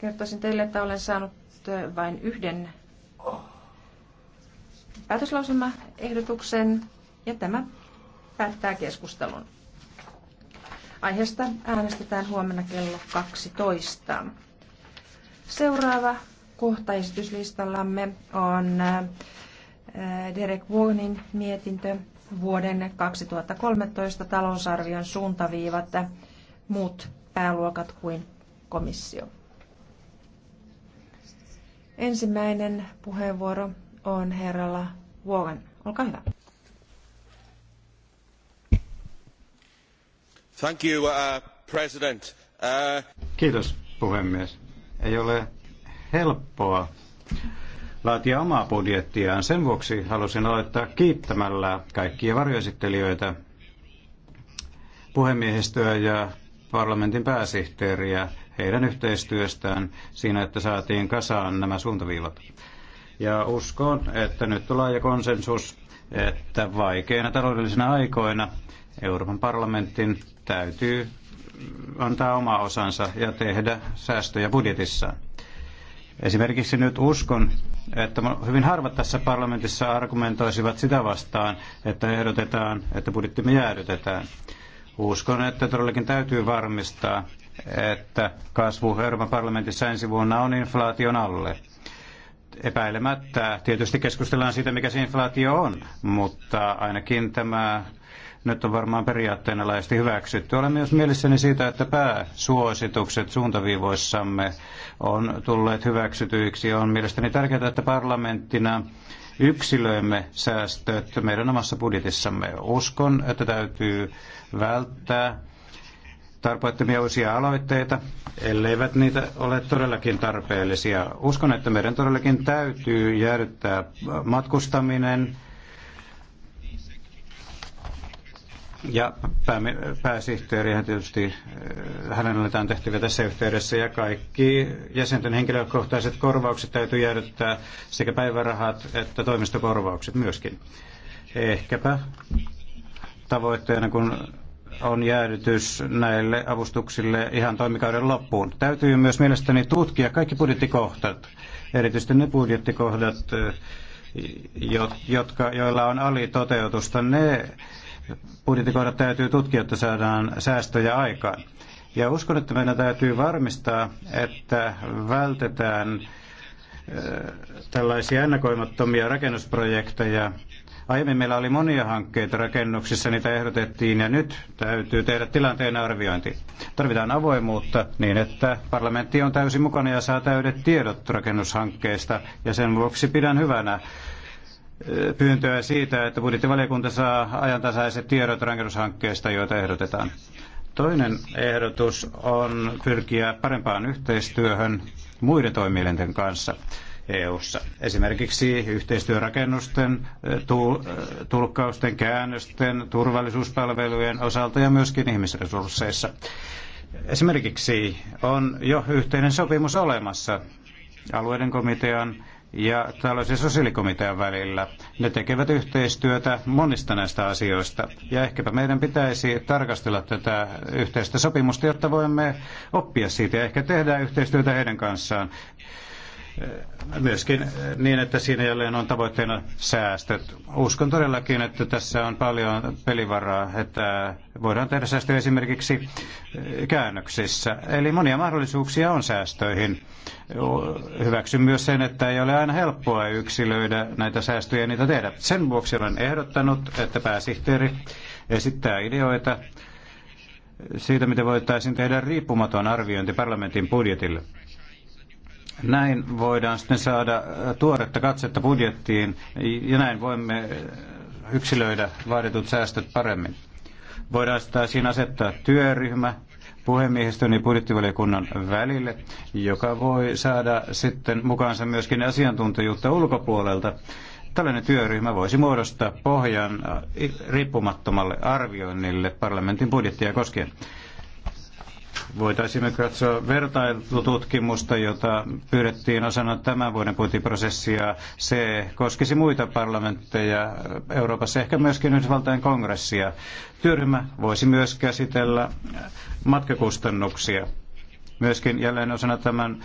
Kertoisin teille, että olen saanut vain yhden päätöslauselmaehdotuksen ja tämä päättää keskustelun. Aiheesta äänestetään huomenna kello 12. Seuraava kohta esityslistallamme on Derek Warnin mietintö vuoden 2013 talousarvion suuntaviivat muut pääluokat kuin komissio. Ensimmäinen puheenvuoro on herralla Wogan. Olkaa hyvä. Thank you, uh, president. Uh... Kiitos puhemies. Ei ole helppoa laatia omaa budjettiaan. Sen vuoksi halusin aloittaa kiittämällä kaikkia varjoesittelijöitä, puhemiehistöä ja parlamentin pääsihteeriä heidän yhteistyöstään siinä, että saatiin kasaan nämä suuntaviivat. Ja uskon, että nyt on laaja konsensus, että vaikeina taloudellisina aikoina Euroopan parlamentin täytyy antaa oma osansa ja tehdä säästöjä budjetissaan. Esimerkiksi nyt uskon, että hyvin harvat tässä parlamentissa argumentoisivat sitä vastaan, että ehdotetaan, että budjettimme jäädytetään. Uskon, että todellakin täytyy varmistaa, että kasvu Euroopan parlamentissa ensi vuonna on inflaation alle. Epäilemättä tietysti keskustellaan siitä, mikä se inflaatio on, mutta ainakin tämä nyt on varmaan periaatteena laajasti hyväksytty. Olen myös mielissäni siitä, että pääsuositukset suuntaviivoissamme on tulleet hyväksytyiksi. On mielestäni tärkeää, että parlamenttina yksilöimme säästöt meidän omassa budjetissamme. Uskon, että täytyy välttää tarpeettomia uusia aloitteita, elleivät niitä ole todellakin tarpeellisia. Uskon, että meidän todellakin täytyy jäädyttää matkustaminen, Ja hän tietysti, äh, hänelle on tehtäviä tässä yhteydessä ja kaikki jäsenten henkilökohtaiset korvaukset täytyy jäädyttää sekä päivärahat että toimistokorvaukset myöskin. Ehkäpä tavoitteena, kun on jäädytys näille avustuksille ihan toimikauden loppuun. Täytyy myös mielestäni tutkia kaikki budjettikohtat, erityisesti ne budjettikohdat, eh, jotka, joilla on alitoteutusta. Ne budjettikohdat täytyy tutkia, että saadaan säästöjä aikaan. Ja uskon, että meidän täytyy varmistaa, että vältetään eh, tällaisia ennakoimattomia rakennusprojekteja, Aiemmin meillä oli monia hankkeita rakennuksissa, niitä ehdotettiin ja nyt täytyy tehdä tilanteen arviointi. Tarvitaan avoimuutta niin, että parlamentti on täysin mukana ja saa täydet tiedot rakennushankkeista ja sen vuoksi pidän hyvänä pyyntöä siitä, että budjettivaliokunta saa ajantasaiset tiedot rakennushankkeista, joita ehdotetaan. Toinen ehdotus on pyrkiä parempaan yhteistyöhön muiden toimielinten kanssa. EU:ssa. Esimerkiksi yhteistyörakennusten, e, e, tulkkausten, käännösten, turvallisuuspalvelujen osalta ja myöskin ihmisresursseissa. Esimerkiksi on jo yhteinen sopimus olemassa alueiden komitean ja tällaisen sosiaalikomitean välillä. Ne tekevät yhteistyötä monista näistä asioista. Ja ehkäpä meidän pitäisi tarkastella tätä yhteistä sopimusta, jotta voimme oppia siitä ja ehkä tehdä yhteistyötä heidän kanssaan myöskin eh, niin, että siinä jälleen on tavoitteena säästöt. Uskon todellakin, että tässä on paljon pelivaraa, että voidaan tehdä säästöjä esimerkiksi eh, käännöksissä. Eli monia mahdollisuuksia on säästöihin. Hyväksyn myös sen, että ei ole aina helppoa yksilöidä näitä säästöjä ja niitä tehdä. Sen vuoksi olen ehdottanut, että pääsihteeri esittää ideoita eh, siitä, miten voitaisiin tehdä riippumaton arviointi parlamentin budjetille näin voidaan sitten saada tuoretta katsetta budjettiin ja näin voimme yksilöidä vaaditut säästöt paremmin. Voidaan siinä asettaa työryhmä puhemiehistön ja budjettivaliokunnan välille, joka voi saada sitten mukaansa myöskin asiantuntijuutta ulkopuolelta. Tällainen työryhmä voisi muodostaa pohjan riippumattomalle arvioinnille parlamentin budjettia koskien. Voitaisiin katsoa vertailututkimusta, jota pyydettiin osana tämän vuoden budjettiprosessia. Se koskisi muita parlamentteja Euroopassa, ehkä myöskin Yhdysvaltain kongressia. Työryhmä voisi myös käsitellä matkakustannuksia. Myöskin jälleen osana tämän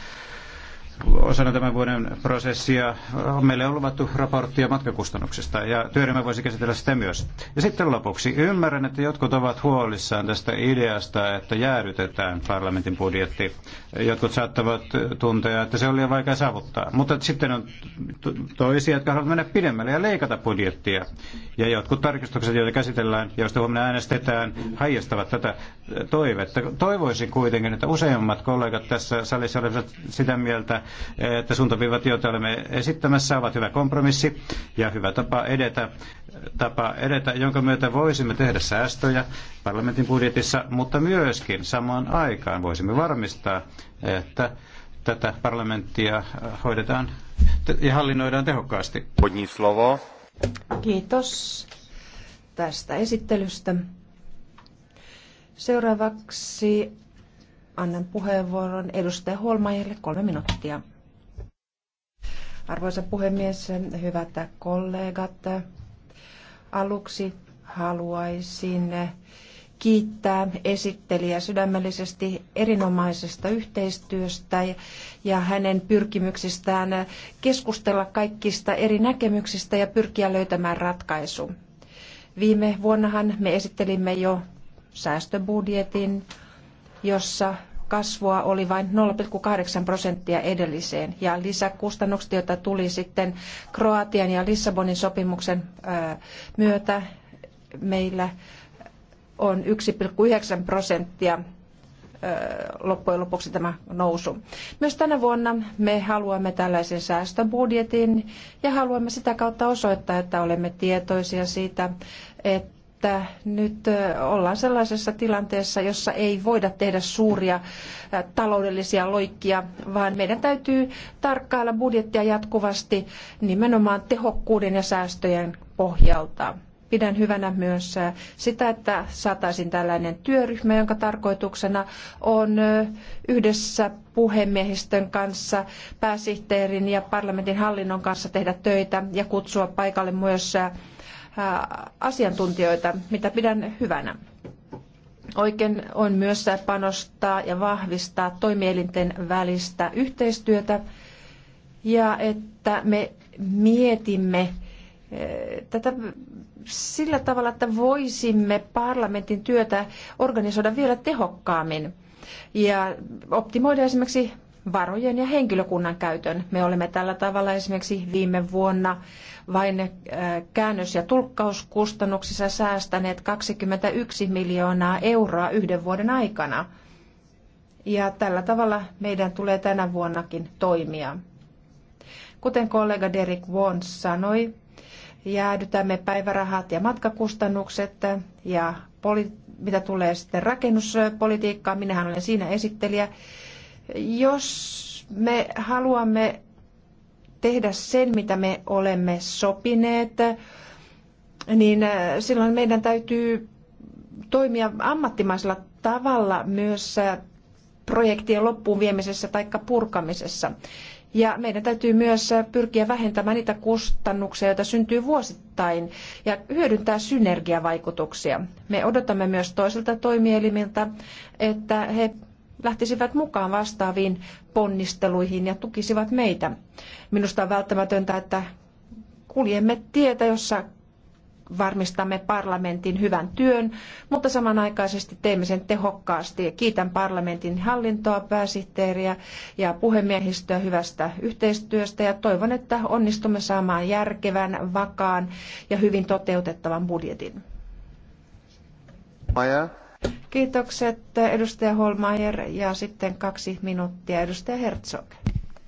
osana tämän vuoden prosessia on meille luvattu raporttia matkakustannuksista ja työryhmä voisi käsitellä sitä myös. Ja sitten lopuksi, ymmärrän, että jotkut ovat huolissaan tästä ideasta, että jäädytetään parlamentin budjetti. Jotkut saattavat tuntea, että se on liian vaikea saavuttaa. Mutta sitten on toisia, jotka haluavat mennä pidemmälle ja leikata budjettia. Ja jotkut tarkistukset, joita käsitellään, joista huomenna äänestetään, haijastavat tätä toivetta. Toivoisin kuitenkin, että useimmat kollegat tässä salissa olisivat sitä mieltä, että suuntaviivat, joita olemme esittämässä, ovat hyvä kompromissi ja hyvä tapa edetä, tapa edetä, jonka myötä voisimme tehdä säästöjä parlamentin budjetissa, mutta myöskin samaan aikaan voisimme varmistaa, että tätä parlamenttia hoidetaan ja hallinnoidaan tehokkaasti. Kiitos tästä esittelystä. Seuraavaksi annan puheenvuoron edustaja Holmajalle kolme minuuttia. Arvoisa puhemies, hyvät kollegat, aluksi haluaisin kiittää esittelijä sydämellisesti erinomaisesta yhteistyöstä ja hänen pyrkimyksistään keskustella kaikista eri näkemyksistä ja pyrkiä löytämään ratkaisu. Viime vuonnahan me esittelimme jo säästöbudjetin jossa kasvua oli vain 0,8 prosenttia edelliseen. Ja lisäkustannukset, joita tuli sitten Kroatian ja Lissabonin sopimuksen myötä, meillä on 1,9 prosenttia loppujen lopuksi tämä nousu. Myös tänä vuonna me haluamme tällaisen säästöbudjetin ja haluamme sitä kautta osoittaa, että olemme tietoisia siitä, että että nyt ollaan sellaisessa tilanteessa, jossa ei voida tehdä suuria taloudellisia loikkia, vaan meidän täytyy tarkkailla budjettia jatkuvasti nimenomaan tehokkuuden ja säästöjen pohjalta. Pidän hyvänä myös sitä, että saataisiin tällainen työryhmä, jonka tarkoituksena on yhdessä puhemiehistön kanssa, pääsihteerin ja parlamentin hallinnon kanssa tehdä töitä ja kutsua paikalle myös asiantuntijoita, mitä pidän hyvänä. Oikein on myös panostaa ja vahvistaa toimielinten välistä yhteistyötä ja että me mietimme tätä sillä tavalla, että voisimme parlamentin työtä organisoida vielä tehokkaammin ja optimoida esimerkiksi varojen ja henkilökunnan käytön. Me olemme tällä tavalla esimerkiksi viime vuonna vain äh, käännös- ja tulkkauskustannuksissa säästäneet 21 miljoonaa euroa yhden vuoden aikana. Ja tällä tavalla meidän tulee tänä vuonnakin toimia. Kuten kollega Derek Wons sanoi, jäädytämme päivärahat ja matkakustannukset ja mitä tulee sitten rakennuspolitiikkaan, minähän olen siinä esittelijä, jos me haluamme tehdä sen, mitä me olemme sopineet, niin äh, silloin meidän täytyy toimia ammattimaisella tavalla myös äh, projektien loppuun viemisessä tai purkamisessa. Ja meidän täytyy myös äh, pyrkiä vähentämään niitä kustannuksia, joita syntyy vuosittain, ja hyödyntää synergiavaikutuksia. Me odotamme myös toisilta toimielimiltä, että he lähtisivät mukaan vastaaviin ponnisteluihin ja tukisivat meitä. Minusta on välttämätöntä, että kuljemme tietä, jossa varmistamme parlamentin hyvän työn, mutta samanaikaisesti teemme sen tehokkaasti. Kiitän parlamentin hallintoa, pääsihteeriä ja puhemiehistöä hyvästä yhteistyöstä ja toivon, että onnistumme saamaan järkevän, vakaan ja hyvin toteutettavan budjetin. Maja. Kiitokset edustaja Holmeier ja sitten kaksi minuuttia edustaja Herzog.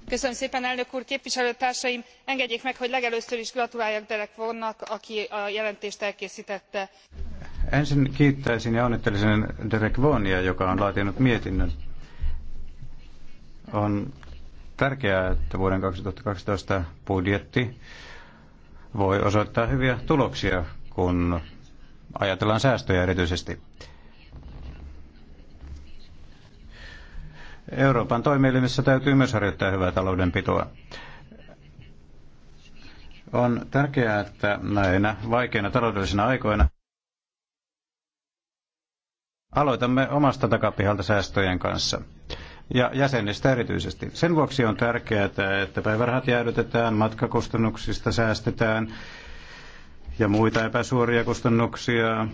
Köszönöm szépen, elnök úr, képviselőtársaim! Engedjék meg, hogy legelőször is gratuláljak Derek Vonnak, aki a jelentést elkészítette. Ensin kiittäisin ja onnittelisin Derek Vonia, joka on laatinut mietinnön. On tärkeää, että vuoden 2012 budjetti voi osoittaa hyviä tuloksia, kun ajatellaan säästöjä erityisesti. Euroopan toimielimissä täytyy myös harjoittaa hyvää taloudenpitoa. On tärkeää, että näinä vaikeina taloudellisina aikoina aloitamme omasta takapihalta säästöjen kanssa ja jäsenistä erityisesti. Sen vuoksi on tärkeää, että päivärahat jäädytetään, matkakustannuksista säästetään ja muita epäsuoria kustannuksia,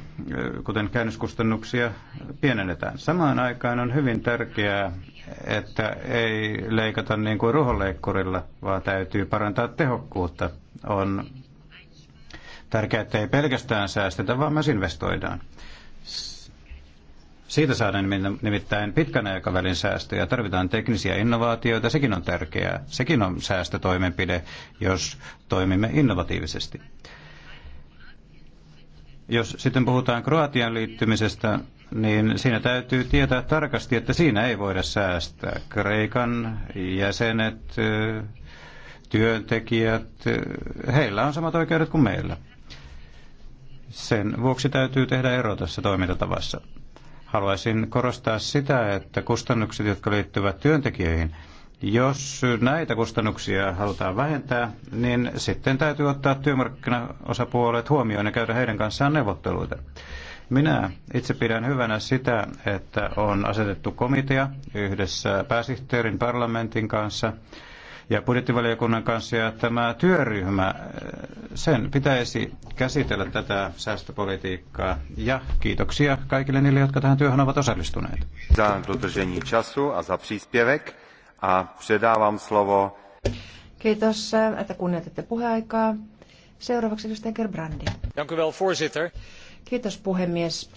kuten käännöskustannuksia, pienennetään. Samaan aikaan on hyvin tärkeää että ei leikata niin kuin ruhonleikkurilla, vaan täytyy parantaa tehokkuutta. On tärkeää, että ei pelkästään säästetä, vaan myös investoidaan. Siitä saadaan nimittäin pitkän aikavälin säästöjä. Tarvitaan teknisiä innovaatioita, sekin on tärkeää. Sekin on säästötoimenpide, jos toimimme innovatiivisesti. Jos sitten puhutaan Kroatian liittymisestä niin siinä täytyy tietää tarkasti, että siinä ei voida säästää. Kreikan jäsenet, työntekijät, heillä on samat oikeudet kuin meillä. Sen vuoksi täytyy tehdä ero tässä toimintatavassa. Haluaisin korostaa sitä, että kustannukset, jotka liittyvät työntekijöihin, jos näitä kustannuksia halutaan vähentää, niin sitten täytyy ottaa työmarkkinaosapuolet huomioon ja käydä heidän kanssaan neuvotteluita. Minä itse pidän hyvänä sitä, että on asetettu komitea yhdessä pääsihteerin parlamentin kanssa ja budjettivaliokunnan kanssa. Ja tämä työryhmä, sen pitäisi käsitellä tätä säästöpolitiikkaa. Ja kiitoksia kaikille niille, jotka tähän työhön ovat osallistuneet. Za dodržení času a za příspěvek a předávám slovo. Kiitos, että kunnioitatte puheaikaa. Seuraavaksi edustaja Gerbrandi. Dank u wel, voorzitter. Kiitos puhemies.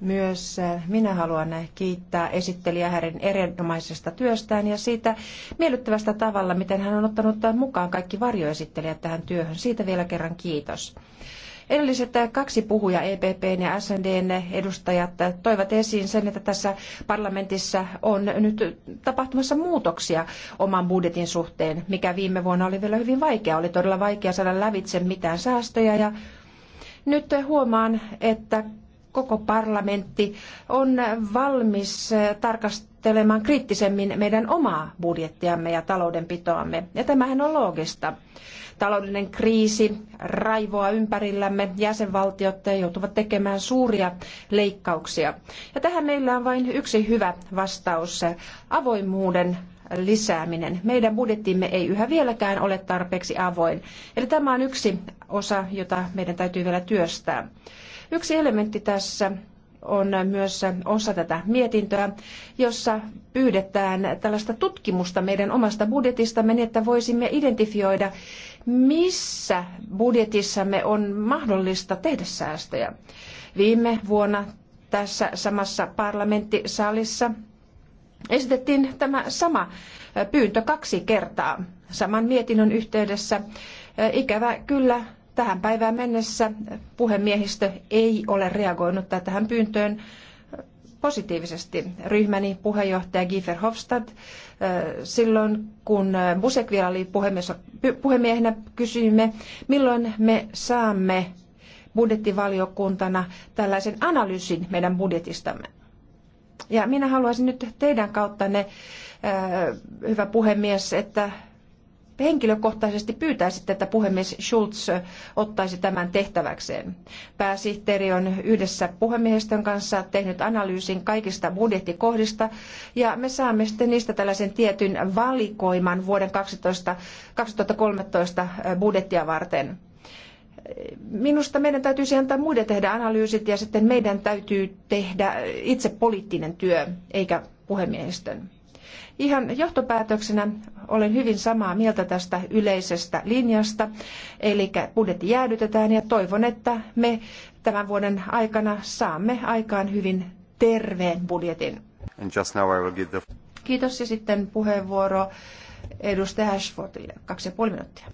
Myös äh, minä haluan kiittää esittelijä hänen erinomaisesta työstään ja siitä miellyttävästä tavalla, miten hän on ottanut mukaan kaikki varjoesittelijät tähän työhön. Siitä vielä kerran kiitos. Edelliset äh, kaksi puhuja, EPPn ja SNDn edustajat, äh, toivat esiin sen, että tässä parlamentissa on nyt tapahtumassa muutoksia oman budjetin suhteen, mikä viime vuonna oli vielä hyvin vaikea. Oli todella vaikea saada lävitse mitään säästöjä ja nyt huomaan, että koko parlamentti on valmis tarkastelemaan kriittisemmin meidän omaa budjettiamme ja taloudenpitoamme. Ja tämähän on loogista. Taloudellinen kriisi raivoa ympärillämme, jäsenvaltiot joutuvat tekemään suuria leikkauksia. Ja tähän meillä on vain yksi hyvä vastaus, avoimuuden lisääminen. Meidän budjettimme ei yhä vieläkään ole tarpeeksi avoin. Eli tämä on yksi osa, jota meidän täytyy vielä työstää. Yksi elementti tässä on myös osa tätä mietintöä, jossa pyydetään tällaista tutkimusta meidän omasta budjetistamme, niin että voisimme identifioida, missä budjetissamme on mahdollista tehdä säästöjä. Viime vuonna tässä samassa parlamenttisalissa esitettiin tämä sama pyyntö kaksi kertaa saman mietinnön yhteydessä. Ikävä kyllä tähän päivään mennessä puhemiehistö ei ole reagoinut tähän pyyntöön positiivisesti. Ryhmäni puheenjohtaja Giefer Hofstad silloin, kun Busek vielä oli puhemiehenä, kysyimme, milloin me saamme budjettivaliokuntana tällaisen analyysin meidän budjetistamme. Ja minä haluaisin nyt teidän kautta ne äh, hyvä puhemies, että henkilökohtaisesti pyytäisitte, että puhemies Schulz ottaisi tämän tehtäväkseen. Pääsihteeri on yhdessä puhemiehistön kanssa tehnyt analyysin kaikista budjettikohdista ja me saamme sitten niistä tällaisen tietyn valikoiman vuoden 12, 2013 budjettia varten. Minusta meidän täytyisi antaa muiden tehdä analyysit ja sitten meidän täytyy tehdä itse poliittinen työ, eikä puhemiehistön. Ihan johtopäätöksenä olen hyvin samaa mieltä tästä yleisestä linjasta, eli budjetti jäädytetään ja toivon, että me tämän vuoden aikana saamme aikaan hyvin terveen budjetin. The... Kiitos ja sitten puheenvuoro edustaja Ashfordille. Kaksi ja puoli minuuttia.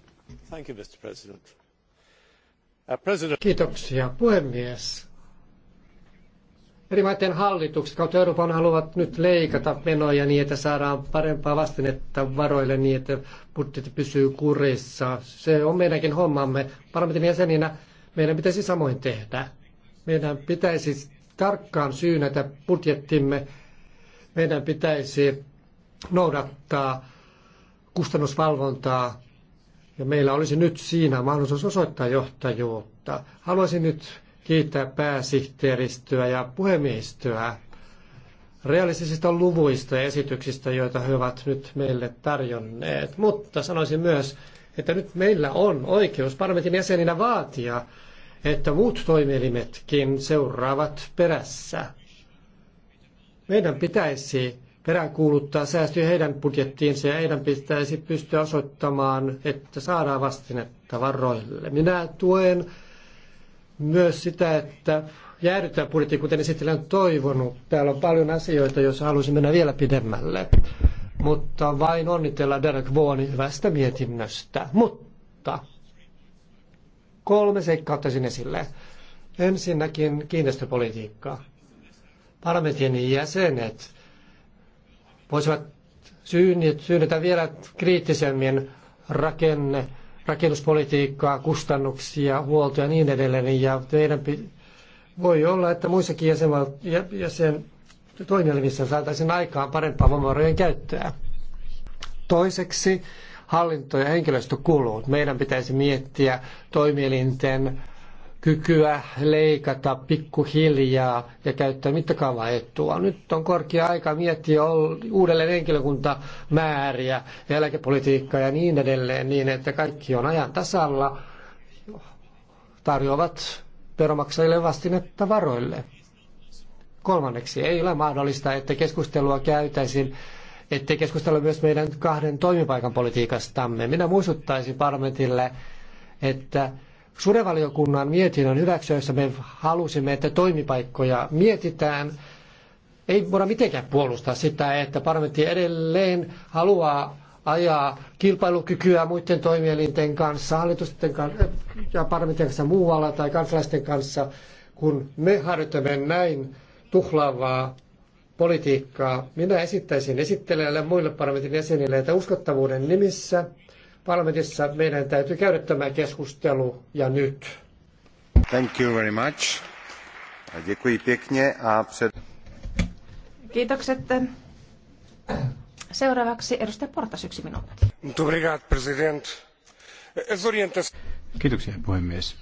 Thank you, Mr. President. Uh, Kiitoksia puhemies. Eri maiden hallitukset kautta Euroopan haluavat nyt leikata menoja niin, että saadaan parempaa vastinetta varoille niin, että budjetti pysyy kurissa. Se on meidänkin hommamme. Parlamentin jäseninä meidän pitäisi samoin tehdä. Meidän pitäisi tarkkaan syynätä budjettimme. Meidän pitäisi noudattaa kustannusvalvontaa ja meillä olisi nyt siinä mahdollisuus osoittaa johtajuutta. Haluaisin nyt kiittää pääsihteeristöä ja puhemiehistöä realistisista luvuista ja esityksistä, joita he ovat nyt meille tarjonneet. Mutta sanoisin myös, että nyt meillä on oikeus parlamentin jäseninä vaatia, että muut toimielimetkin seuraavat perässä. Meidän pitäisi peräänkuuluttaa säästöjä heidän budjettiinsa ja heidän pitäisi pystyä osoittamaan, että saadaan vastinetta varoille. Minä tuen myös sitä, että jäädytään budjetti, kuten esittelijä on toivonut. Täällä on paljon asioita, joissa haluaisin mennä vielä pidemmälle. Mutta vain onnitella Derek Vaughanin hyvästä mietinnöstä. Mutta kolme seikkaa ottaisin esille. Ensinnäkin kiinteistöpolitiikka. Parlamentin jäsenet voisivat syynnetä vielä kriittisemmin rakenne, rakennuspolitiikkaa, kustannuksia, huoltoja ja niin edelleen. Ja meidän voi olla, että muissakin jäsenval- jäsen toimielimissä saataisiin aikaan parempaa voimavarojen käyttöä. Toiseksi hallinto- ja henkilöstökulut. Meidän pitäisi miettiä toimielinten kykyä leikata pikkuhiljaa ja käyttää mittakaavaetua. Nyt on korkea aika miettiä uudelleen henkilökuntamääriä, eläkepolitiikkaa ja niin edelleen, niin että kaikki on ajan tasalla, tarjoavat veromaksajille vastinetta varoille. Kolmanneksi, ei ole mahdollista, että keskustelua käytäisiin ettei keskustella myös meidän kahden toimipaikan politiikastamme. Minä muistuttaisin parlamentille, että surevaliokunnan mietinnön hyväksyessä me halusimme, että toimipaikkoja mietitään. Ei voida mitenkään puolustaa sitä, että parlamentti edelleen haluaa ajaa kilpailukykyä muiden toimielinten kanssa, hallitusten kanssa ja parlamentin kanssa muualla tai kansalaisten kanssa, kun me harjoitamme näin tuhlaavaa politiikkaa. Minä esittäisin esittelijälle muille parlamentin jäsenille, että uskottavuuden nimissä – parlamentissa meidän täytyy käydä tämä keskustelu ja nyt. Thank you very much. Děkuji pěkně a před... Kiitokset. Seuraavaksi edustaja Portas, yksi minuutti. Obrigado, president. Kiitoksia, puhemies.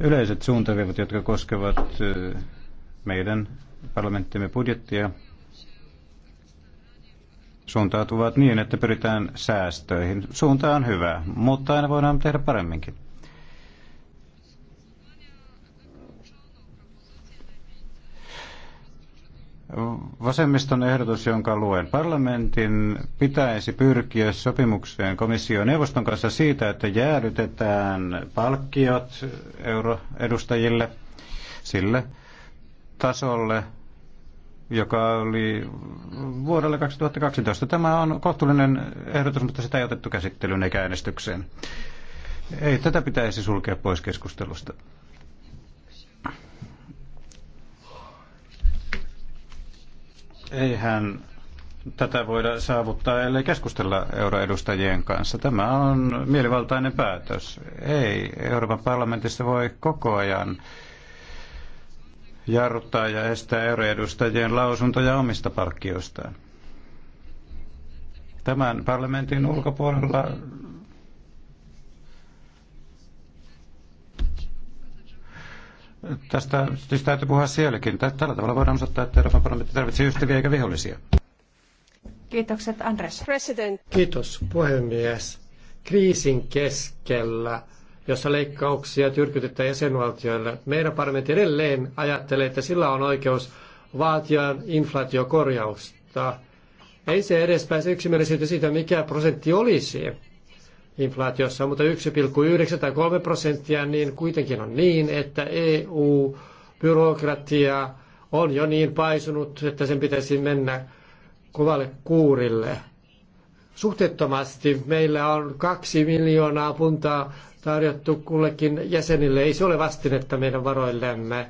Yleiset suuntaviivat, jotka koskevat eh, meidän parlamenttimme budjettia, suuntautuvat niin, että pyritään säästöihin. Suunta on hyvä, mutta aina voidaan tehdä paremminkin. Vasemmiston ehdotus, jonka luen. Parlamentin pitäisi pyrkiä sopimukseen komission neuvoston kanssa siitä, että jäädytetään palkkiot euroedustajille sille tasolle, joka oli vuodelle 2012. Tämä on kohtuullinen ehdotus, mutta sitä ei otettu käsittelyyn eikä äänestykseen. Ei tätä pitäisi sulkea pois keskustelusta. Eihän tätä voida saavuttaa, ellei keskustella euroedustajien kanssa. Tämä on mielivaltainen päätös. Ei Euroopan parlamentissa voi koko ajan jarruttaa ja estää euroedustajien lausuntoja omista palkkioistaan. Tämän parlamentin ulkopuolella tästä siis täytyy puhua sielläkin. Tällä tavalla voidaan osoittaa, että Euroopan parlamentti tarvitsee ystäviä eikä vihollisia. Kiitokset Andres. President. Kiitos puhemies. Kriisin keskellä jossa leikkauksia tyrkytetään jäsenvaltioille. Meidän parlamentti edelleen ajattelee, että sillä on oikeus vaatia inflaatiokorjausta. Ei se edes pääse yksimielisyyteen siitä, mikä prosentti olisi inflaatiossa, mutta 1,9 tai 3 prosenttia, niin kuitenkin on niin, että EU-byrokratia on jo niin paisunut, että sen pitäisi mennä kovalle kuurille suhteettomasti. Meillä on kaksi miljoonaa puntaa tarjottu kullekin jäsenille. Ei se ole vastinetta meidän varoillemme.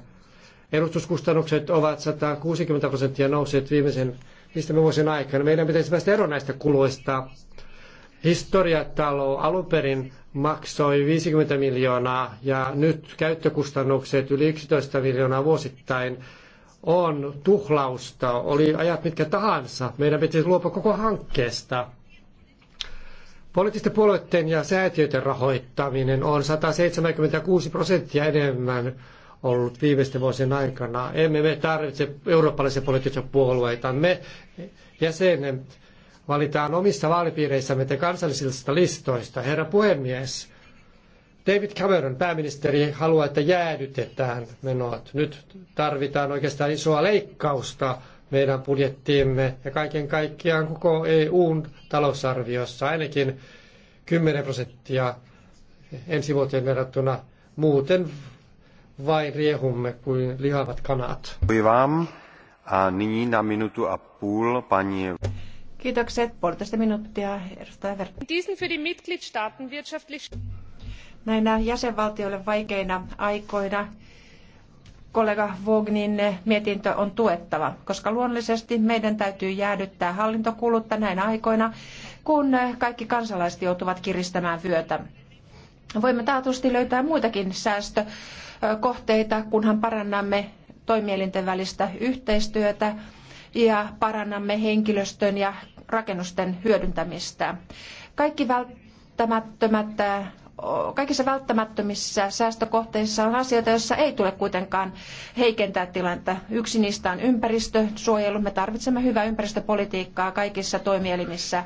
Edustuskustannukset ovat 160 prosenttia nousseet viimeisen viistämme vuosien aikana. Meidän pitäisi päästä eroon näistä kuluista. Historiatalo alun perin maksoi 50 miljoonaa ja nyt käyttökustannukset yli 11 miljoonaa vuosittain on tuhlausta. Oli ajat mitkä tahansa. Meidän pitäisi luopua koko hankkeesta. Poliittisten puolueiden ja säätiöiden rahoittaminen on 176 prosenttia enemmän ollut viimeisten vuosien aikana. Emme me tarvitse eurooppalaisia poliittisia puolueita. Me jäsenet valitaan omissa vaalipiireissämme te kansallisista listoista. Herra puhemies, David Cameron, pääministeri, haluaa, että jäädytetään menot. Nyt tarvitaan oikeastaan isoa leikkausta meidän budjettiimme ja kaiken kaikkiaan koko EUn talousarviossa ainakin 10 prosenttia ensi vuoteen verrattuna. Muuten vain riehumme kuin lihavat kanat. A nyní na minutu a půl paní... Kiitokset. Puolitoista minuuttia, edustaja Verta. Näinä jäsenvaltioille vaikeina aikoina kollega Vognin mietintö on tuettava, koska luonnollisesti meidän täytyy jäädyttää hallintokulutta näinä aikoina, kun kaikki kansalaiset joutuvat kiristämään vyötä. Voimme taatusti löytää muitakin säästökohteita, kunhan parannamme toimielinten välistä yhteistyötä ja parannamme henkilöstön ja rakennusten hyödyntämistä. Kaikki välttämättömät kaikissa välttämättömissä säästökohteissa on asioita, joissa ei tule kuitenkaan heikentää tilannetta. Yksi niistä on ympäristösuojelu. Me tarvitsemme hyvää ympäristöpolitiikkaa kaikissa toimielimissä.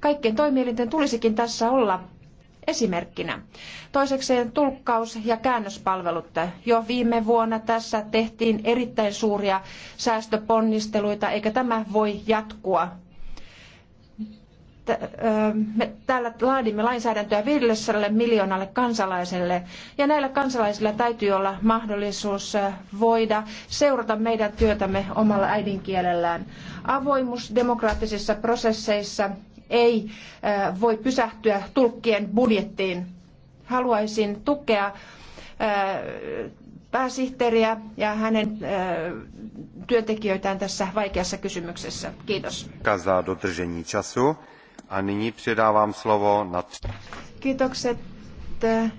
Kaikkien toimielinten tulisikin tässä olla esimerkkinä. Toisekseen tulkkaus- ja käännöspalvelut. Jo viime vuonna tässä tehtiin erittäin suuria säästöponnisteluita, eikä tämä voi jatkua me täällä laadimme lainsäädäntöä 500 miljoonalle kansalaiselle ja näillä kansalaisilla täytyy olla mahdollisuus voida seurata meidän työtämme omalla äidinkielellään. Avoimuus demokraattisissa prosesseissa ei voi pysähtyä tulkkien budjettiin. Haluaisin tukea pääsihteeriä ja hänen työntekijöitään tässä vaikeassa kysymyksessä. Kiitos. A nyní předávám slovo na... Kiitokset.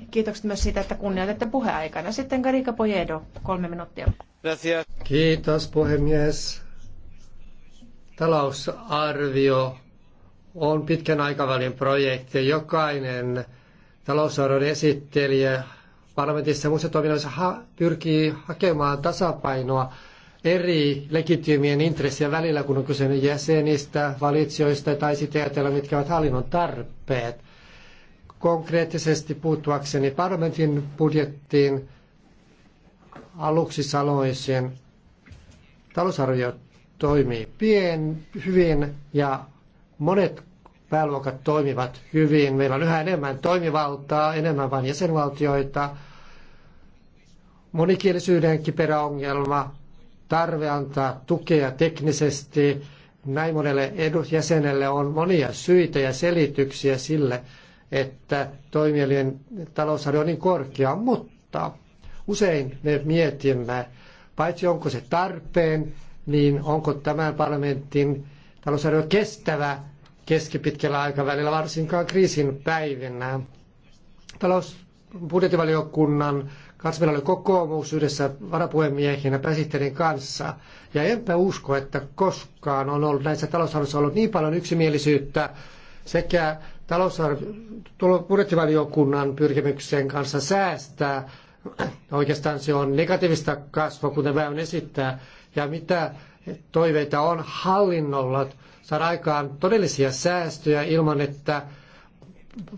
Kiitokset myös siitä, että kunnioitatte puheaikana. Sitten Karika Pojedo, kolme minuuttia. Kiitos puhemies. Talousarvio on pitkän aikavälin projekti. Jokainen talousarvon esittelijä parlamentissa ja muissa toiminnoissa ha- pyrkii hakemaan tasapainoa eri legitiimien intressien välillä, kun on kyse jäsenistä, valitsijoista tai sitten ajatella, mitkä ovat hallinnon tarpeet. Konkreettisesti puuttuakseni parlamentin budjettiin aluksi sanoisin, talousarvio toimii pien, hyvin ja monet pääluokat toimivat hyvin. Meillä on yhä enemmän toimivaltaa, enemmän vain jäsenvaltioita, monikielisyyden kiperä tarve antaa tukea teknisesti. Näin monelle jäsenelle on monia syitä ja selityksiä sille, että toimielien talousarvio on niin korkea, mutta usein me mietimme, paitsi onko se tarpeen, niin onko tämän parlamentin talousarvio kestävä keskipitkällä aikavälillä, varsinkaan kriisin päivinä. Talous budjettivaliokunnan kanssa meillä oli kokoomus yhdessä varapuhemiehenä pääsihteerin kanssa. Ja enpä usko, että koskaan on ollut näissä talousarvioissa ollut niin paljon yksimielisyyttä sekä talousarvio, budjettivaliokunnan pyrkimyksen kanssa säästää. Oikeastaan se on negatiivista kasvua, kuten Väyn esittää. Ja mitä toiveita on hallinnolla saada aikaan todellisia säästöjä ilman, että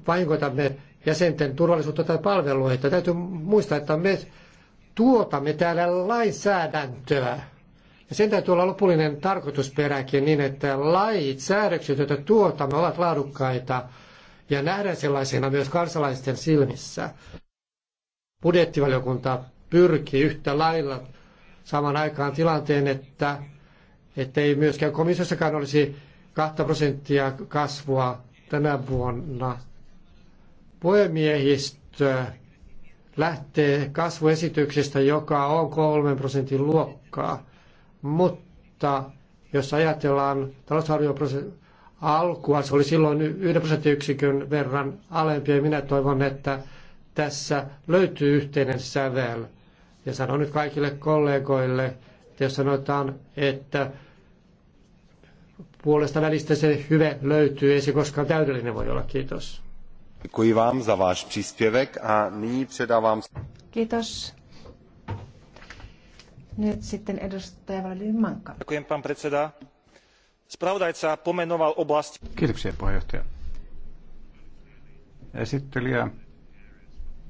vahingoitamme jäsenten turvallisuutta tai palveluita. Täytyy muistaa, että me tuotamme täällä lainsäädäntöä. Ja sen täytyy olla lopullinen tarkoitusperäkin niin, että lait, säädökset, joita tuotamme, ovat laadukkaita ja nähdään sellaisena myös kansalaisten silmissä. Budjettivaliokunta pyrkii yhtä lailla saman aikaan tilanteen, että, että ei myöskään komissiossakaan olisi 2 prosenttia kasvua tänä vuonna Puhemiehistö lähtee kasvuesityksestä, joka on 3 prosentin luokkaa, mutta jos ajatellaan talousarvioprosentin alkua, se oli silloin 1 prosenttiyksikön verran alempi, ja minä toivon, että tässä löytyy yhteinen sävel. Ja sanon nyt kaikille kollegoille, että jos sanotaan, että puolesta välistä se hyve löytyy, ei se koskaan täydellinen voi olla. Kiitos. Děkuji vám za váš příspěvek a nyní předávám... Kiitos. Nyt sitten edustaja Vladimir Manka. Děkuji, pan predseda. Spravodajca pomenoval oblasti... Kiitoksia, puheenjohtaja. Esittelijä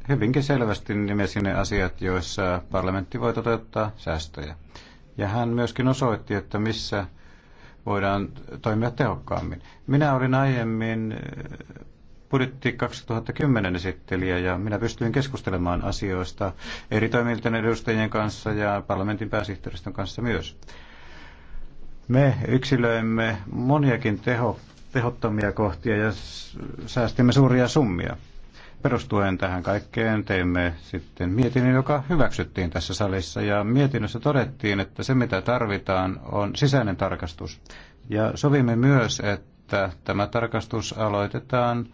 hyvinkin selvästi nimesi ne asiat, joissa parlamentti voi toteuttaa säästöjä. Ja hän myöskin osoitti, että missä voidaan toimia tehokkaammin. Minä olin aiemmin budjetti 2010 esittelijä ja minä pystyin keskustelemaan asioista eri toimijoiden edustajien kanssa ja parlamentin pääsihteeristön kanssa myös. Me yksilöimme moniakin teho, tehottomia kohtia ja säästimme suuria summia. Perustuen tähän kaikkeen teimme sitten mietinnön, joka hyväksyttiin tässä salissa ja mietinnössä todettiin, että se mitä tarvitaan on sisäinen tarkastus. Ja sovimme myös, että tämä tarkastus aloitetaan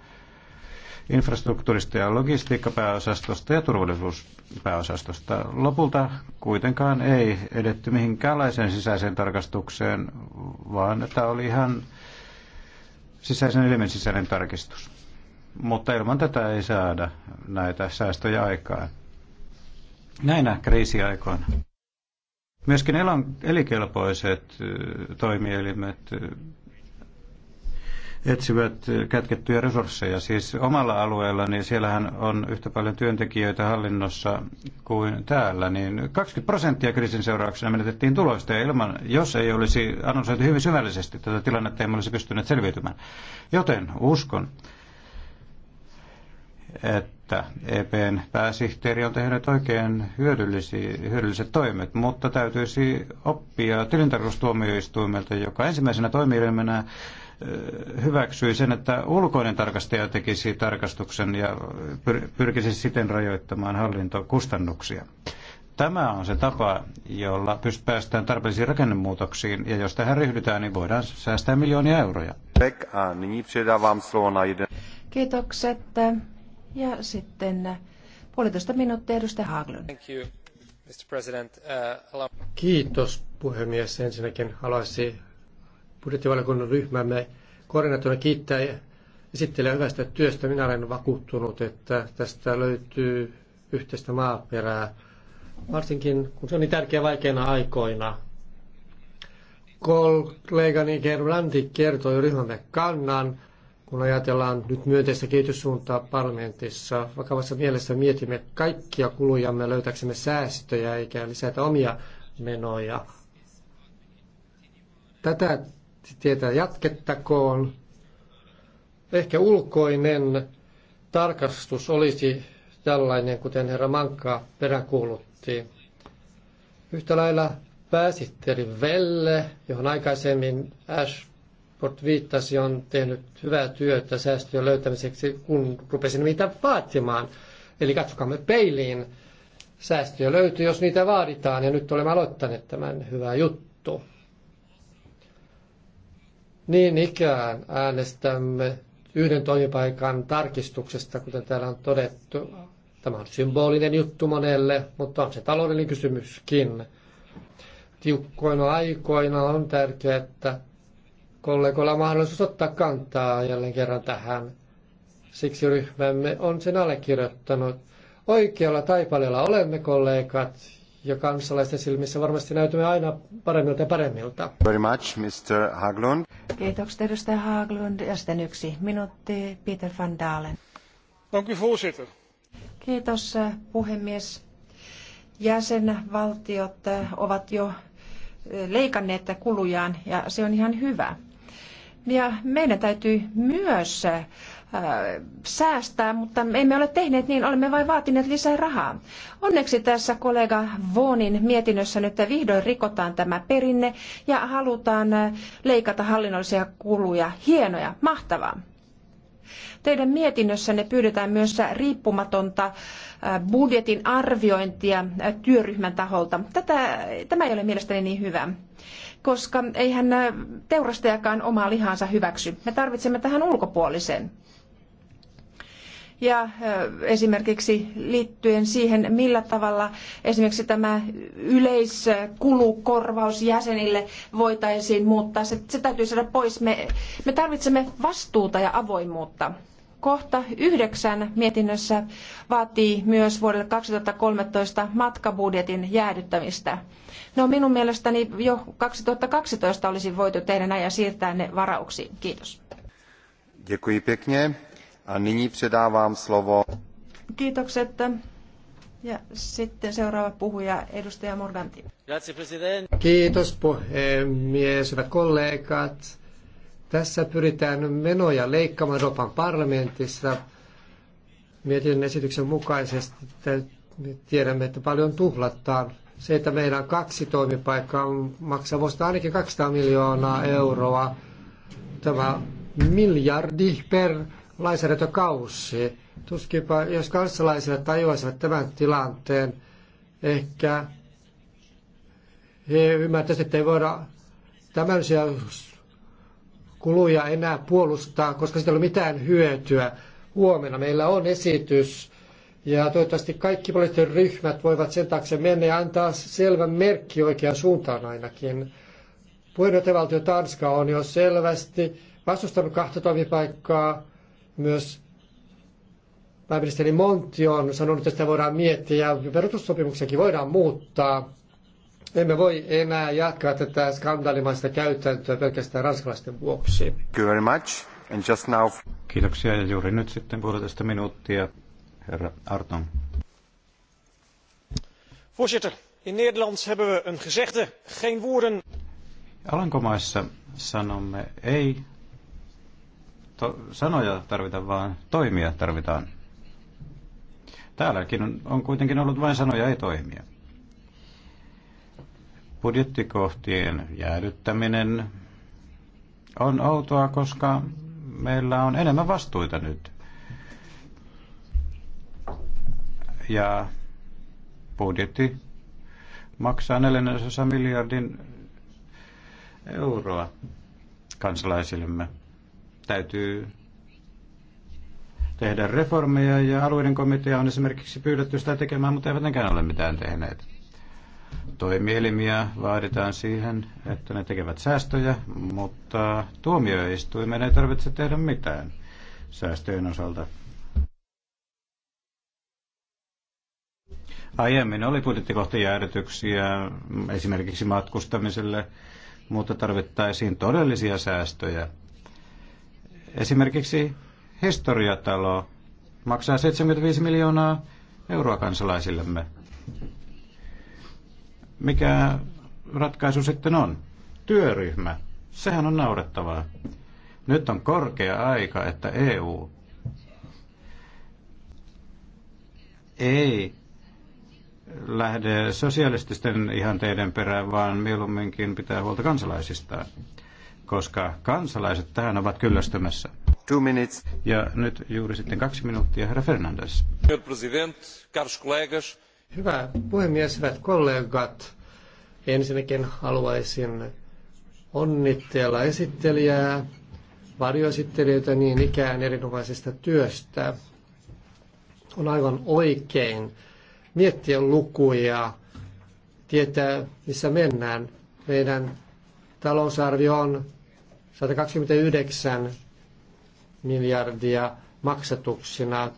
infrastruktuurista ja logistiikkapääosastosta ja turvallisuuspääosastosta. Lopulta kuitenkaan ei edetty mihinkäänlaiseen sisäiseen tarkastukseen, vaan tämä oli ihan sisäisen elimen sisäinen tarkistus. Mutta ilman tätä ei saada näitä säästöjä aikaan. Näinä kriisiaikoina. Myöskin elinkelpoiset toimielimet etsivät kätkettyjä resursseja. Siis omalla alueella, niin siellähän on yhtä paljon työntekijöitä hallinnossa kuin täällä, niin 20 prosenttia kriisin seurauksena menetettiin tuloista ja ilman, jos ei olisi annonsoitu hyvin syvällisesti tätä tilannetta, emme olisi pystyneet selviytymään. Joten uskon, että EPn pääsihteeri on tehnyt oikein hyödylliset toimet, mutta täytyisi oppia tilintarkastustuomioistuimelta, joka ensimmäisenä toimielimenä hyväksyi sen, että ulkoinen tarkastaja tekisi tarkastuksen ja pyrkisi siten rajoittamaan hallintokustannuksia. Tämä on se tapa, jolla pyst- päästään tarpeellisiin rakennemuutoksiin, ja jos tähän ryhdytään, niin voidaan säästää miljoonia euroja. Kiitokset. Ja sitten puolitoista minuuttia edustaja Haglund. Uh, Kiitos puhemies. Ensinnäkin haluaisin budjettivalikunnan ryhmämme koordinaattorina kiittää esittelee hyvästä työstä. Minä olen vakuuttunut, että tästä löytyy yhteistä maaperää, varsinkin kun se on niin tärkeä vaikeina aikoina. Kollegani Gerlanti kertoi ryhmämme kannan, kun ajatellaan nyt myönteistä kehityssuuntaa parlamentissa. Vakavassa mielessä mietimme kaikkia kulujamme löytäksemme säästöjä eikä lisätä omia menoja. Tätä Tietää jatkettakoon. Ehkä ulkoinen tarkastus olisi tällainen, kuten herra Mankka peräkuulutti. Yhtä lailla pääsihteeri Velle, johon aikaisemmin Ashford viittasi, on tehnyt hyvää työtä säästöjen löytämiseksi, kun rupesin niitä vaatimaan. Eli katsokaamme peiliin. Säästöjä löytyy, jos niitä vaaditaan, ja nyt olemme aloittaneet tämän hyvää juttu. Niin ikään äänestämme yhden toimipaikan tarkistuksesta, kuten täällä on todettu. Tämä on symbolinen juttu monelle, mutta on se taloudellinen kysymyskin. Tiukkoina aikoina on tärkeää, että kollegoilla on mahdollisuus ottaa kantaa jälleen kerran tähän. Siksi ryhmämme on sen allekirjoittanut. Oikealla taipaleella olemme kollegat ja kansalaisten silmissä varmasti näytämme aina paremmilta ja paremmilta. Very much, Mr. Haglund. Kiitokset edustaja Haglund. Ja sitten yksi minuutti, Peter van Dalen. Dank voorzitter. Kiitos eh, puhemies. Jäsenvaltiot eh, ovat jo eh, leikanneet kulujaan ja se on ihan hyvä. Ja meidän täytyy myös Äh, säästää, mutta emme ole tehneet niin, olemme vain vaatineet lisää rahaa. Onneksi tässä kollega Voonin mietinnössä nyt vihdoin rikotaan tämä perinne ja halutaan äh, leikata hallinnollisia kuluja. Hienoja, mahtavaa. Teidän mietinnössänne pyydetään myös riippumatonta äh, budjetin arviointia työryhmän taholta. Tätä, tämä ei ole mielestäni niin hyvä koska eihän teurastajakaan omaa lihaansa hyväksy. Me tarvitsemme tähän ulkopuolisen ja esimerkiksi liittyen siihen, millä tavalla esimerkiksi tämä yleiskulukorvaus jäsenille voitaisiin muuttaa. Se, se täytyy saada pois. Me, me tarvitsemme vastuuta ja avoimuutta kohta yhdeksän mietinnössä vaatii myös vuodelle 2013 matkabudjetin jäädyttämistä. No minun mielestäni jo 2012 olisi voitu tehdä näin ja siirtää ne varauksiin. Kiitos. Děkuji pěkně. A nyní předávám slovo. Kiitokset. Ja sitten seuraava puhuja, edustaja Morganti. Kiitos puhemies, hyvät kollegat. Tässä pyritään menoja leikkaamaan Euroopan parlamentissa. Mietinnön esityksen mukaisesti tiedämme, että paljon tuhlataan. Se, että meillä on kaksi toimipaikkaa, maksaa vuosta ainakin 200 miljoonaa euroa. Tämä miljardi per lainsäädäntökaussi. Tuskinpa, jos kansalaiset tajuaisivat tämän tilanteen, ehkä he ymmärtäisivät, että ei voida tämmöisiä kuluja enää puolustaa, koska siitä ei ole mitään hyötyä. Huomenna meillä on esitys ja toivottavasti kaikki poliittiset ryhmät voivat sen taakse mennä ja antaa selvän merkki oikeaan suuntaan ainakin. Puheenjohtajavaltio Tanska on jo selvästi vastustanut kahta toimipaikkaa myös pääministeri Monti on sanonut, että sitä voidaan miettiä ja verotussopimuksiakin voidaan muuttaa. Emme voi enää jatkaa tätä skandaalimaista käytäntöä pelkästään ranskalaisten vuoksi. very much. And just now... Kiitoksia ja juuri nyt sitten puolitoista minuuttia, herra Arton. Voorzitter, in Nederland hebben we een gezegde, geen woorden. Alankomaissa sanomme ei to- sanoja tarvita, vaan toimia tarvitaan. Täälläkin on, on kuitenkin ollut vain sanoja, ei toimia. Budjettikohtien jäädyttäminen on outoa, koska meillä on enemmän vastuita nyt. Ja budjetti maksaa 400 miljardin euroa kansalaisillemme. Täytyy tehdä reformeja ja alueiden komitea on esimerkiksi pyydetty sitä tekemään, mutta eivät nekään ole mitään tehneet. Toimielimiä vaaditaan siihen, että ne tekevät säästöjä, mutta tuomioistuimen ei tarvitse tehdä mitään säästöjen osalta. Aiemmin oli budjettikohtajäädytyksiä esimerkiksi matkustamiselle, mutta tarvittaisiin todellisia säästöjä – Esimerkiksi historiatalo maksaa 75 miljoonaa euroa kansalaisillemme. Mikä ratkaisu sitten on? Työryhmä. Sehän on naurettavaa. Nyt on korkea aika, että EU ei lähde sosialististen ihanteiden perään, vaan mieluumminkin pitää huolta kansalaisistaan koska kansalaiset tähän ovat kyllästymässä. Two minutes. Ja nyt juuri sitten kaksi minuuttia, herra Fernandes. Hyvä puhemies, hyvät kollegat. Ensinnäkin haluaisin onnitella esittelijää, varjoesittelijöitä niin ikään erinomaisesta työstä. On aivan oikein miettiä lukuja, tietää missä mennään. Meidän talousarvio on 129 miljardia maksatuksina.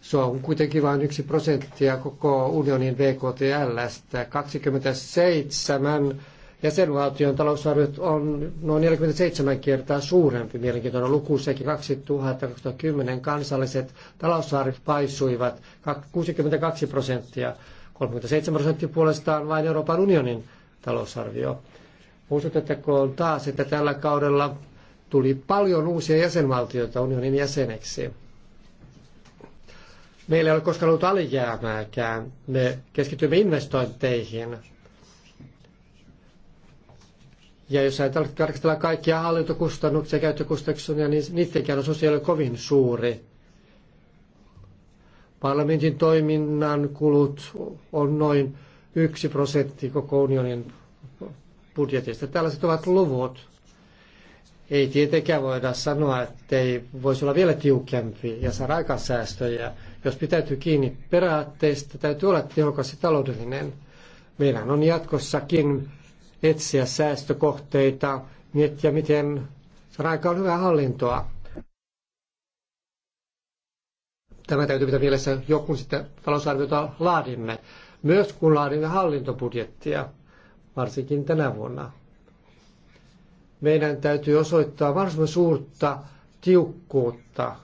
Se on kuitenkin vain yksi prosenttia koko unionin BKTLstä. 27 jäsenvaltion talousarviot on noin 47 kertaa suurempi. Mielenkiintoinen luku sekin 2010 kansalliset talousarviot paisuivat 62 prosenttia 37 prosenttia puolestaan vain Euroopan unionin talousarvio. Muistutettakoon taas, että tällä kaudella tuli paljon uusia jäsenvaltioita unionin jäseneksi. Meillä ei ole koskaan ollut alijäämääkään. Me keskitymme investointeihin. Ja jos tarkastellaan kaikkia hallintokustannuksia ja käyttökustannuksia, niin niidenkään on sosiaali kovin suuri. Parlamentin toiminnan kulut on noin yksi prosentti koko unionin budjetista. Tällaiset ovat luvut. Ei tietenkään voida sanoa, että ei voisi olla vielä tiukempi ja saada aikaan säästöjä. Jos pitäytyy kiinni periaatteista, täytyy olla tehokas ja taloudellinen. Meidän on jatkossakin etsiä säästökohteita, miettiä miten saada aikaan hyvää hallintoa. tämä täytyy pitää mielessä jo kun sitten talousarviota laadimme. Myös kun laadimme hallintobudjettia, varsinkin tänä vuonna. Meidän täytyy osoittaa varsin suurta tiukkuutta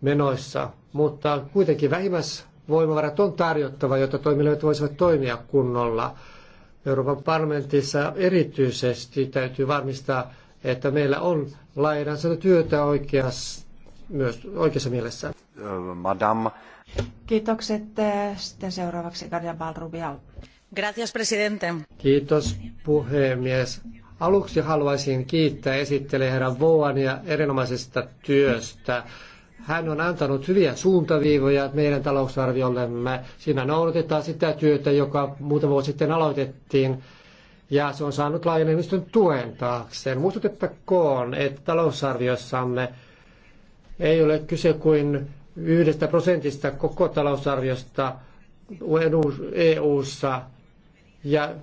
menoissa, mutta kuitenkin vähimmäisvoimavarat on tarjottava, jotta toimijat voisivat toimia kunnolla. Euroopan parlamentissa erityisesti täytyy varmistaa, että meillä on laidansa työtä oikeassa, myös oikeassa mielessä madam. Kiitokset. Sitten seuraavaksi Garja Balrubial. Gracias, presidente. Kiitos, puhemies. Aluksi haluaisin kiittää esittelijä herra Voania erinomaisesta työstä. Hän on antanut hyviä suuntaviivoja meidän talousarviollemme. Siinä noudatetaan sitä työtä, joka muutama vuosi sitten aloitettiin, ja se on saanut laajenemistön tuen taakseen. Muistutettakoon, että talousarviossamme ei ole kyse kuin yhdestä prosentista koko talousarviosta EU-ssa e ja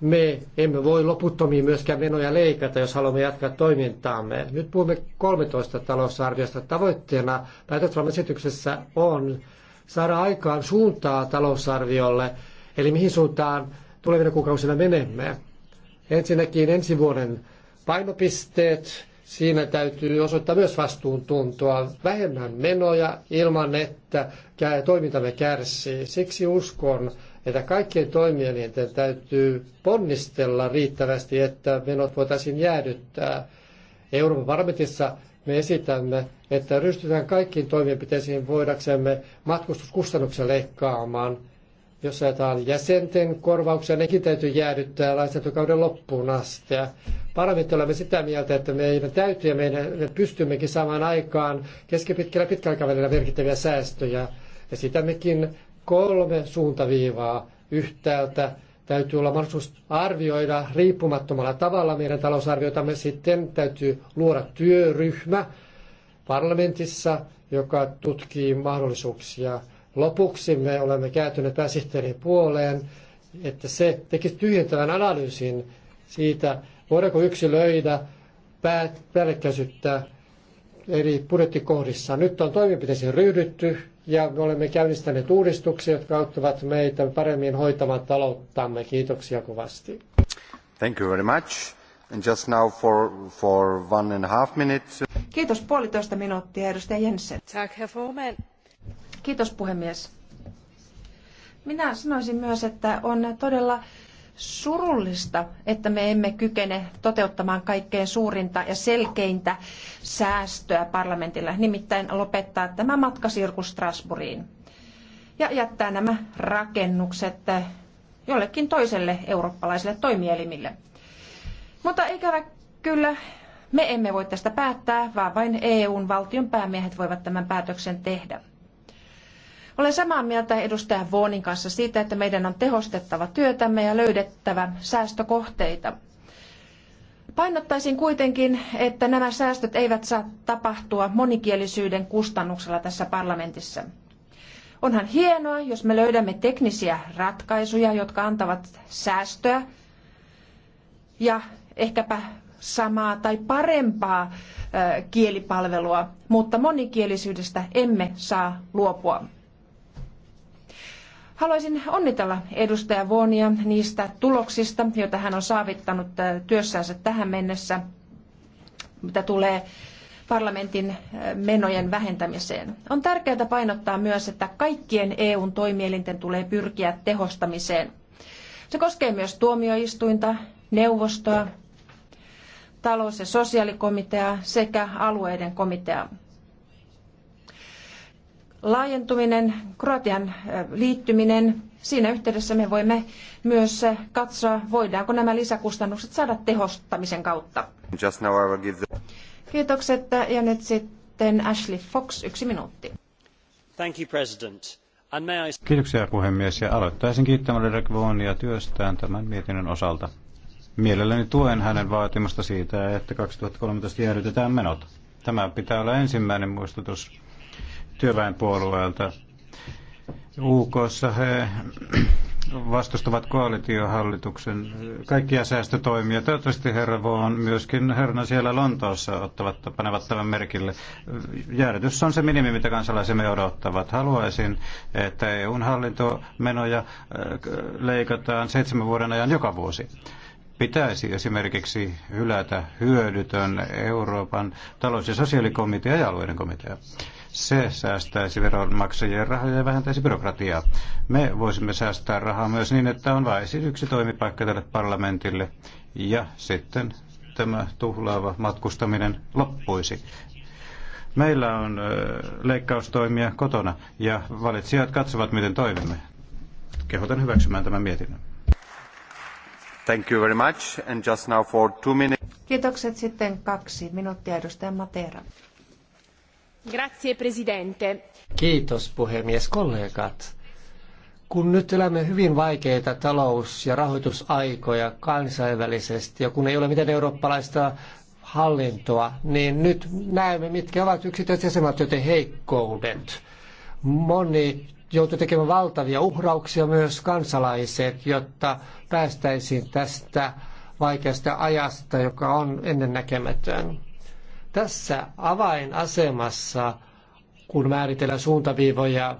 me emme voi loputtomiin myöskään menoja leikata, jos haluamme jatkaa toimintaamme. Nyt puhumme 13 talousarviosta. Tavoitteena esityksessä on saada aikaan suuntaa talousarviolle, eli mihin suuntaan tulevina kuukausina menemme. Ensinnäkin ensi vuoden painopisteet, Siinä täytyy osoittaa myös vastuuntuntoa, vähemmän menoja ilman, että toimintamme kärsii. Siksi uskon, että kaikkien toimielinten täytyy ponnistella riittävästi, että menot voitaisiin jäädyttää. Euroopan parlamentissa me esitämme, että ryhdytään kaikkiin toimenpiteisiin voidaksemme matkustuskustannuksia leikkaamaan – jos ajatellaan jäsenten korvauksia, nekin täytyy jäädyttää lainsäädäntökauden loppuun asti. Parlamentti olemme sitä mieltä, että meidän täytyy ja meidän, me pystymmekin saamaan aikaan keskipitkällä ja pitkällä aikavälillä merkittäviä säästöjä. mekin kolme suuntaviivaa yhtäältä. Täytyy olla mahdollisuus arvioida riippumattomalla tavalla meidän talousarvioitamme. Sitten täytyy luoda työryhmä parlamentissa, joka tutkii mahdollisuuksia Lopuksi me olemme kääntyneet pääsihteerin puoleen, että se teki tyhjentävän analyysin siitä, voidaanko yksilöidä päät, päällekkäisyyttä eri budjettikohdissa. Nyt on toimenpiteisiin ryhdytty ja me olemme käynnistäneet uudistuksia, jotka auttavat meitä paremmin hoitamaan talouttamme. Kiitoksia kovasti. Thank you very much. And just now for, for one and a half minutes. Kiitos puolitoista minuuttia, edustaja Jensen. Tack, herr Forman. Kiitos puhemies. Minä sanoisin myös, että on todella surullista, että me emme kykene toteuttamaan kaikkein suurinta ja selkeintä säästöä parlamentilla, nimittäin lopettaa tämä matkasirkus Strasbourgiin ja jättää nämä rakennukset jollekin toiselle eurooppalaiselle toimielimille. Mutta ikävä kyllä me emme voi tästä päättää, vaan vain EUn valtion päämiehet voivat tämän päätöksen tehdä. Olen samaa mieltä edustaja Voonin kanssa siitä, että meidän on tehostettava työtämme ja löydettävä säästökohteita. Painottaisin kuitenkin, että nämä säästöt eivät saa tapahtua monikielisyyden kustannuksella tässä parlamentissa. Onhan hienoa, jos me löydämme teknisiä ratkaisuja, jotka antavat säästöä ja ehkäpä samaa tai parempaa kielipalvelua, mutta monikielisyydestä emme saa luopua. Haluaisin onnitella edustaja Vuonia niistä tuloksista, joita hän on saavittanut äh, työssänsä tähän mennessä, mitä tulee parlamentin äh, menojen vähentämiseen. On tärkeää painottaa myös, että kaikkien EUn toimielinten tulee pyrkiä tehostamiseen. Se koskee myös tuomioistuinta, neuvostoa, talous- ja sosiaalikomiteaa sekä alueiden komiteaa laajentuminen, Kroatian liittyminen. Siinä yhteydessä me voimme myös katsoa, voidaanko nämä lisäkustannukset saada tehostamisen kautta. Just now the... Kiitokset ja nyt sitten Ashley Fox, yksi minuutti. Thank you, President. And may I... Kiitoksia puhemies ja aloittaisin kiittämällä Derek Vaughania työstään tämän mietinnön osalta. Mielelläni tuen hänen vaatimusta siitä, että 2013 jäädytetään menot. Tämä pitää olla ensimmäinen muistutus työväenpuolueelta. UKssa he vastustavat koalitiohallituksen kaikkia säästötoimia. Toivottavasti herra Vaan myöskin herran siellä Lontoossa ottavat, panevat tämän merkille. Jäädytys on se minimi, mitä kansalaisemme odottavat. Haluaisin, että EUn hallintomenoja äh, leikataan seitsemän vuoden ajan joka vuosi pitäisi esimerkiksi hylätä hyödytön Euroopan talous- ja sosiaalikomitea ja alueiden komitea. Se säästäisi veronmaksajien rahoja ja vähentäisi byrokratiaa. Me voisimme säästää rahaa myös niin, että on vain siis yksi toimipaikka tälle parlamentille ja sitten tämä tuhlaava matkustaminen loppuisi. Meillä on leikkaustoimia kotona ja valitsijat katsovat, miten toimimme. Kehotan hyväksymään tämän mietinnön. Thank you very much. And just now for two minutes. Kiitokset sitten kaksi minuuttia edustaja Matera. Kiitos puhemies, kollegat. Kun nyt elämme hyvin vaikeita talous- ja rahoitusaikoja kansainvälisesti ja kun ei ole mitään eurooppalaista hallintoa, niin nyt näemme, mitkä ovat yksittäiset jäsenvaltioiden heikkoudet. Moni joutuu tekemään valtavia uhrauksia myös kansalaiset, jotta päästäisiin tästä vaikeasta ajasta, joka on ennennäkemätön tässä avainasemassa, kun määritellään suuntaviivoja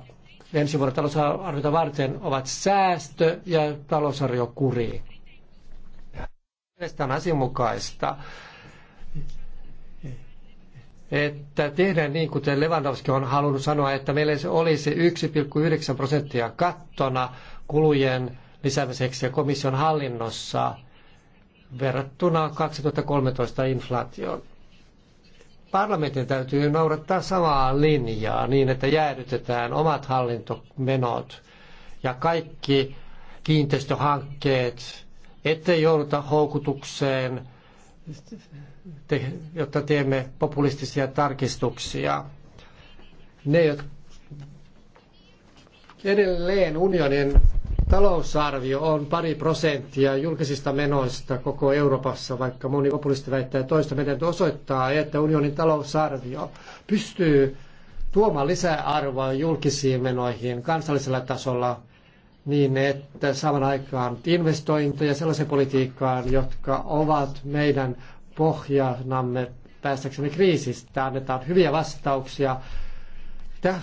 ensi vuoden talousarviota varten, ovat säästö ja talousarviokuri. Mielestäni on asianmukaista, että tehdään niin, kuten Lewandowski on halunnut sanoa, että meillä olisi 1,9 prosenttia kattona kulujen lisäämiseksi ja komission hallinnossa verrattuna 2013 inflaatioon parlamentin täytyy noudattaa samaa linjaa niin, että jäädytetään omat hallintomenot ja kaikki kiinteistöhankkeet, ettei jouduta houkutukseen, te, jotta teemme populistisia tarkistuksia. Ne, edelleen unionin Talousarvio on pari prosenttia julkisista menoista koko Euroopassa, vaikka moni populisti väittää toista. Meidän osoittaa, että unionin talousarvio pystyy tuomaan lisäarvoa julkisiin menoihin kansallisella tasolla niin, että saman aikaan investointeja sellaiseen politiikkaan, jotka ovat meidän pohjanamme päästäksemme kriisistä. Annetaan hyviä vastauksia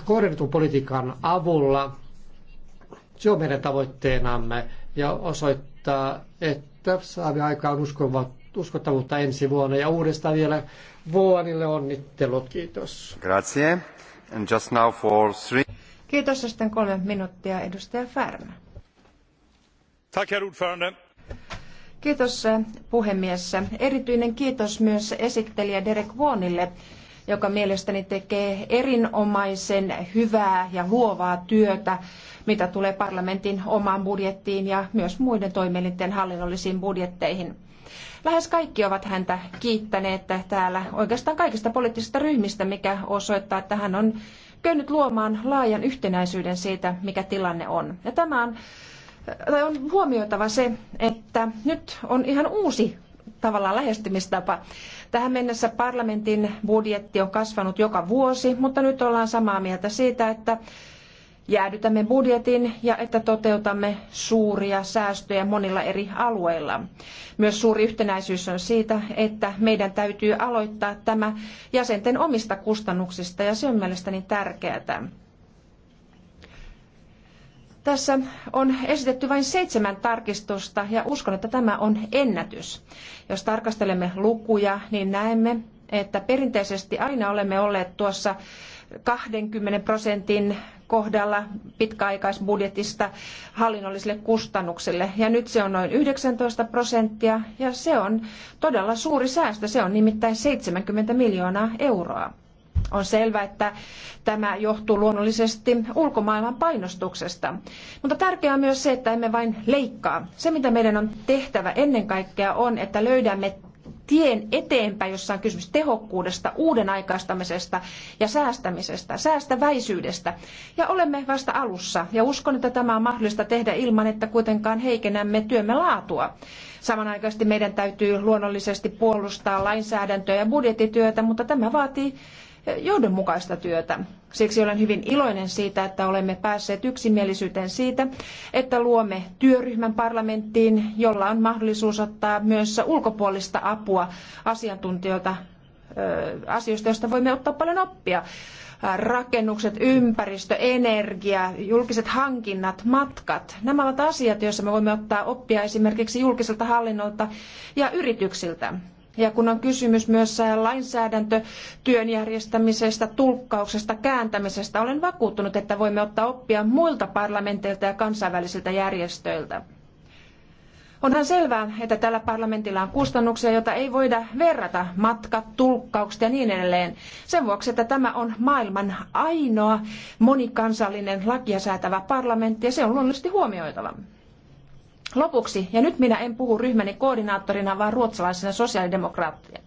kohdennetun politiikan avulla se on meidän tavoitteenamme ja osoittaa, että saamme aikaan uskottavuutta ensi vuonna ja uudestaan vielä Vuonille onnittelut. Kiitos. Grazie. And just now for three... Kiitos ja sitten kolme minuuttia edustaja Färmä. Tack, Kiitos eh, puhemies. Erityinen kiitos myös esittelijä Derek Vuonille, joka mielestäni tekee erinomaisen hyvää ja luovaa työtä mitä tulee parlamentin omaan budjettiin ja myös muiden toimielinten hallinnollisiin budjetteihin. Lähes kaikki ovat häntä kiittäneet täällä oikeastaan kaikista poliittisista ryhmistä, mikä osoittaa, että hän on kyennyt luomaan laajan yhtenäisyyden siitä, mikä tilanne on. Ja tämä on, tai on huomioitava se, että nyt on ihan uusi tavallaan lähestymistapa. Tähän mennessä parlamentin budjetti on kasvanut joka vuosi, mutta nyt ollaan samaa mieltä siitä, että jäädytämme budjetin ja että toteutamme suuria säästöjä monilla eri alueilla. Myös suuri yhtenäisyys on siitä, että meidän täytyy aloittaa tämä jäsenten omista kustannuksista ja se on mielestäni tärkeää. Tässä on esitetty vain seitsemän tarkistusta ja uskon, että tämä on ennätys. Jos tarkastelemme lukuja, niin näemme, että perinteisesti aina olemme olleet tuossa 20 prosentin kohdalla pitkäaikaisbudjetista hallinnollisille kustannuksille. Ja nyt se on noin 19 prosenttia ja se on todella suuri säästö. Se on nimittäin 70 miljoonaa euroa. On selvää, että tämä johtuu luonnollisesti ulkomaailman painostuksesta. Mutta tärkeää on myös se, että emme vain leikkaa. Se, mitä meidän on tehtävä ennen kaikkea, on, että löydämme tien eteenpäin, jossa on kysymys tehokkuudesta, uuden aikaistamisesta ja säästämisestä, säästäväisyydestä. Ja olemme vasta alussa ja uskon, että tämä on mahdollista tehdä ilman, että kuitenkaan heikennämme työmme laatua. Samanaikaisesti meidän täytyy luonnollisesti puolustaa lainsäädäntöä ja budjettityötä, mutta tämä vaatii johdonmukaista työtä. Siksi olen hyvin iloinen siitä, että olemme päässeet yksimielisyyteen siitä, että luomme työryhmän parlamenttiin, jolla on mahdollisuus ottaa myös ulkopuolista apua asiantuntijoilta asioista, joista voimme ottaa paljon oppia. Rakennukset, ympäristö, energia, julkiset hankinnat, matkat. Nämä ovat asiat, joissa me voimme ottaa oppia esimerkiksi julkiselta hallinnolta ja yrityksiltä. Ja kun on kysymys myös lainsäädäntötyön järjestämisestä, tulkkauksesta, kääntämisestä, olen vakuuttunut, että voimme ottaa oppia muilta parlamenteilta ja kansainvälisiltä järjestöiltä. Onhan selvää, että tällä parlamentilla on kustannuksia, joita ei voida verrata, matkat, tulkkaukset ja niin edelleen. Sen vuoksi, että tämä on maailman ainoa monikansallinen lakia säätävä parlamentti ja se on luonnollisesti huomioitava. Lopuksi, ja nyt minä en puhu ryhmäni koordinaattorina, vaan ruotsalaisena sosiaalidemokraattina.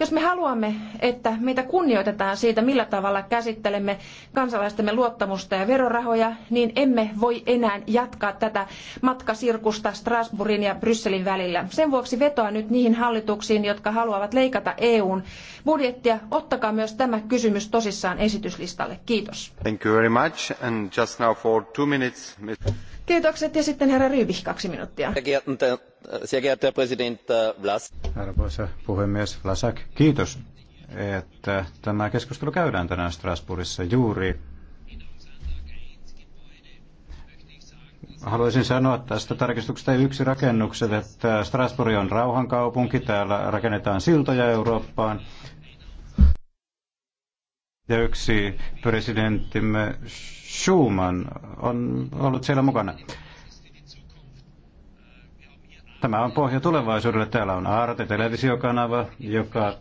Jos me haluamme, että meitä kunnioitetaan siitä, millä tavalla käsittelemme kansalaistemme luottamusta ja verorahoja, niin emme voi enää jatkaa tätä matkasirkusta Strasbourgin ja Brysselin välillä. Sen vuoksi vetoa nyt niihin hallituksiin, jotka haluavat leikata EUn budjettia. Ottakaa myös tämä kysymys tosissaan esityslistalle. Kiitos. Thank you very much. And just now for two minutes, Mr. Kiitokset ja sitten herra Rybih kaksi minuuttia. Äh, Arvoisa puhemies Vlasak, kiitos, että tämä keskustelu käydään tänään Strasbourgissa juuri Haluaisin sanoa tästä tarkistuksesta yksi rakennukselle, että Strasbourg on rauhankaupunki, täällä rakennetaan siltoja Eurooppaan. Ja yksi presidenttimme Schuman on ollut siellä mukana. Tämä on pohja tulevaisuudelle. Täällä on Arte, televisiokanava, joka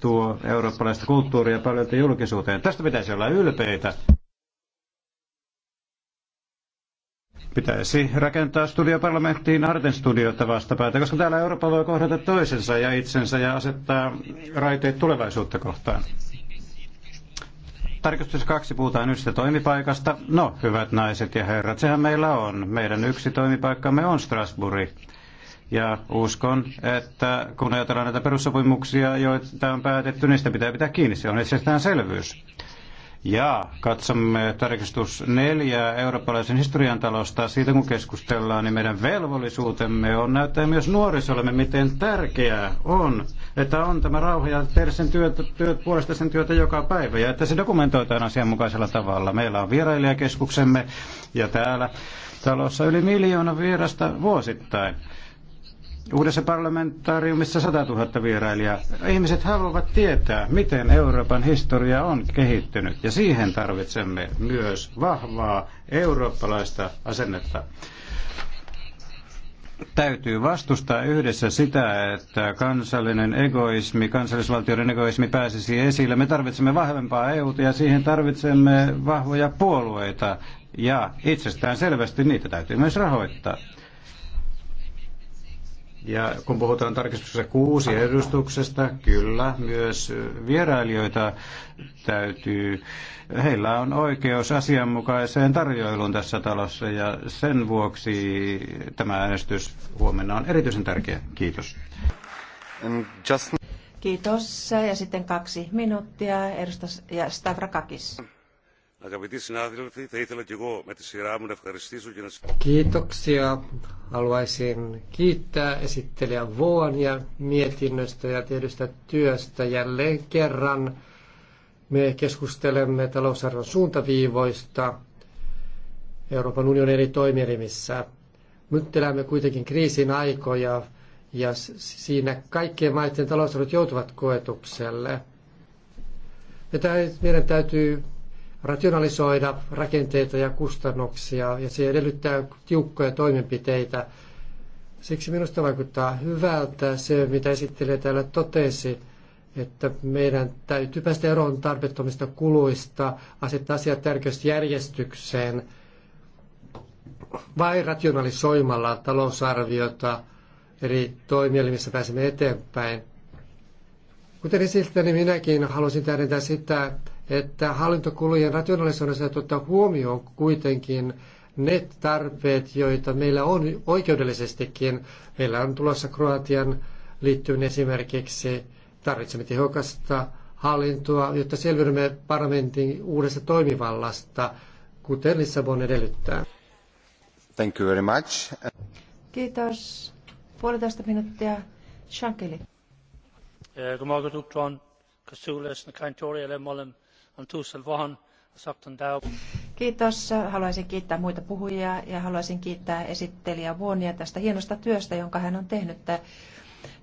tuo eurooppalaista kulttuuria paljon julkisuuteen. Tästä pitäisi olla ylpeitä. Pitäisi rakentaa studioparlamenttiin Arten studiota vastapäätä, koska täällä Eurooppa voi kohdata toisensa ja itsensä ja asettaa raiteet tulevaisuutta kohtaan. Tarkistus kaksi puhutaan yhdestä toimipaikasta. No, hyvät naiset ja herrat, sehän meillä on. Meidän yksi toimipaikkamme on Strasbourg. Ja uskon, että kun ajatellaan näitä perussopimuksia, joita on päätetty, niistä pitää pitää kiinni. Se on selvyys. Ja katsomme tarkistus neljä eurooppalaisen historian talosta. Siitä kun keskustellaan, niin meidän velvollisuutemme on näyttää myös nuorisollemme, miten tärkeää on että on tämä rauha ja tehdä sen työt, työt, puolesta sen työtä joka päivä ja että se dokumentoitaan asianmukaisella tavalla. Meillä on vierailijakeskuksemme ja täällä talossa yli miljoona vierasta vuosittain. Uudessa parlamentaariumissa 100 000 vierailijaa. Ihmiset haluavat tietää, miten Euroopan historia on kehittynyt, ja siihen tarvitsemme myös vahvaa eurooppalaista asennetta täytyy vastustaa yhdessä sitä, että kansallinen egoismi, kansallisvaltioiden egoismi pääsisi esille. Me tarvitsemme vahvempaa EUta ja siihen tarvitsemme vahvoja puolueita ja itsestään selvästi niitä täytyy myös rahoittaa. Ja kun puhutaan tarkistuksessa kuusi edustuksesta, kyllä myös vierailijoita täytyy, heillä on oikeus asianmukaiseen tarjoiluun tässä talossa ja sen vuoksi tämä äänestys huomenna on erityisen tärkeä. Kiitos. Kiitos. Ja sitten kaksi minuuttia. Edustaja Stavrakakis. Αγαπητοί συνάδελφοι, θα ήθελα και εγώ με τη σειρά μου να ευχαριστήσω και να σας... Kiitoksia. Haluaisin kiittää esittelijä Vuon ja mietinnöstä ja tietystä työstä jälleen kerran. Me keskustelemme talousarvon suuntaviivoista Euroopan unionin eri toimielimissä. Nyt elämme kuitenkin kriisin aikoja ja siinä kaikkien maiden talousarvot joutuvat koetukselle. Ja meidän täytyy rationalisoida rakenteita ja kustannuksia, ja se edellyttää tiukkoja toimenpiteitä. Siksi minusta vaikuttaa hyvältä se, mitä esittelijä täällä totesi, että meidän täytyy päästä eroon tarpeettomista kuluista, asettaa asiat tärkeysjärjestykseen, vai rationalisoimalla talousarviota eri toimielimissä pääsemme eteenpäin. Kuten esittäni, niin minäkin haluaisin tähdentää sitä, että että hallintokulujen rationalisoinnissa ottaa huomioon kuitenkin ne tarpeet, joita meillä on oikeudellisestikin. Meillä on tulossa Kroatian liittyminen esimerkiksi. Tarvitsemme tehokasta hallintoa, jotta selviydymme parlamentin uudesta toimivallasta, kuten Lissabon edellyttää. Thank you very much. Kiitos. Puolitoista minuuttia. Shankeli. Eh, Kiitos. Haluaisin kiittää muita puhujia ja haluaisin kiittää esittelijä Vuonia tästä hienosta työstä, jonka hän on tehnyt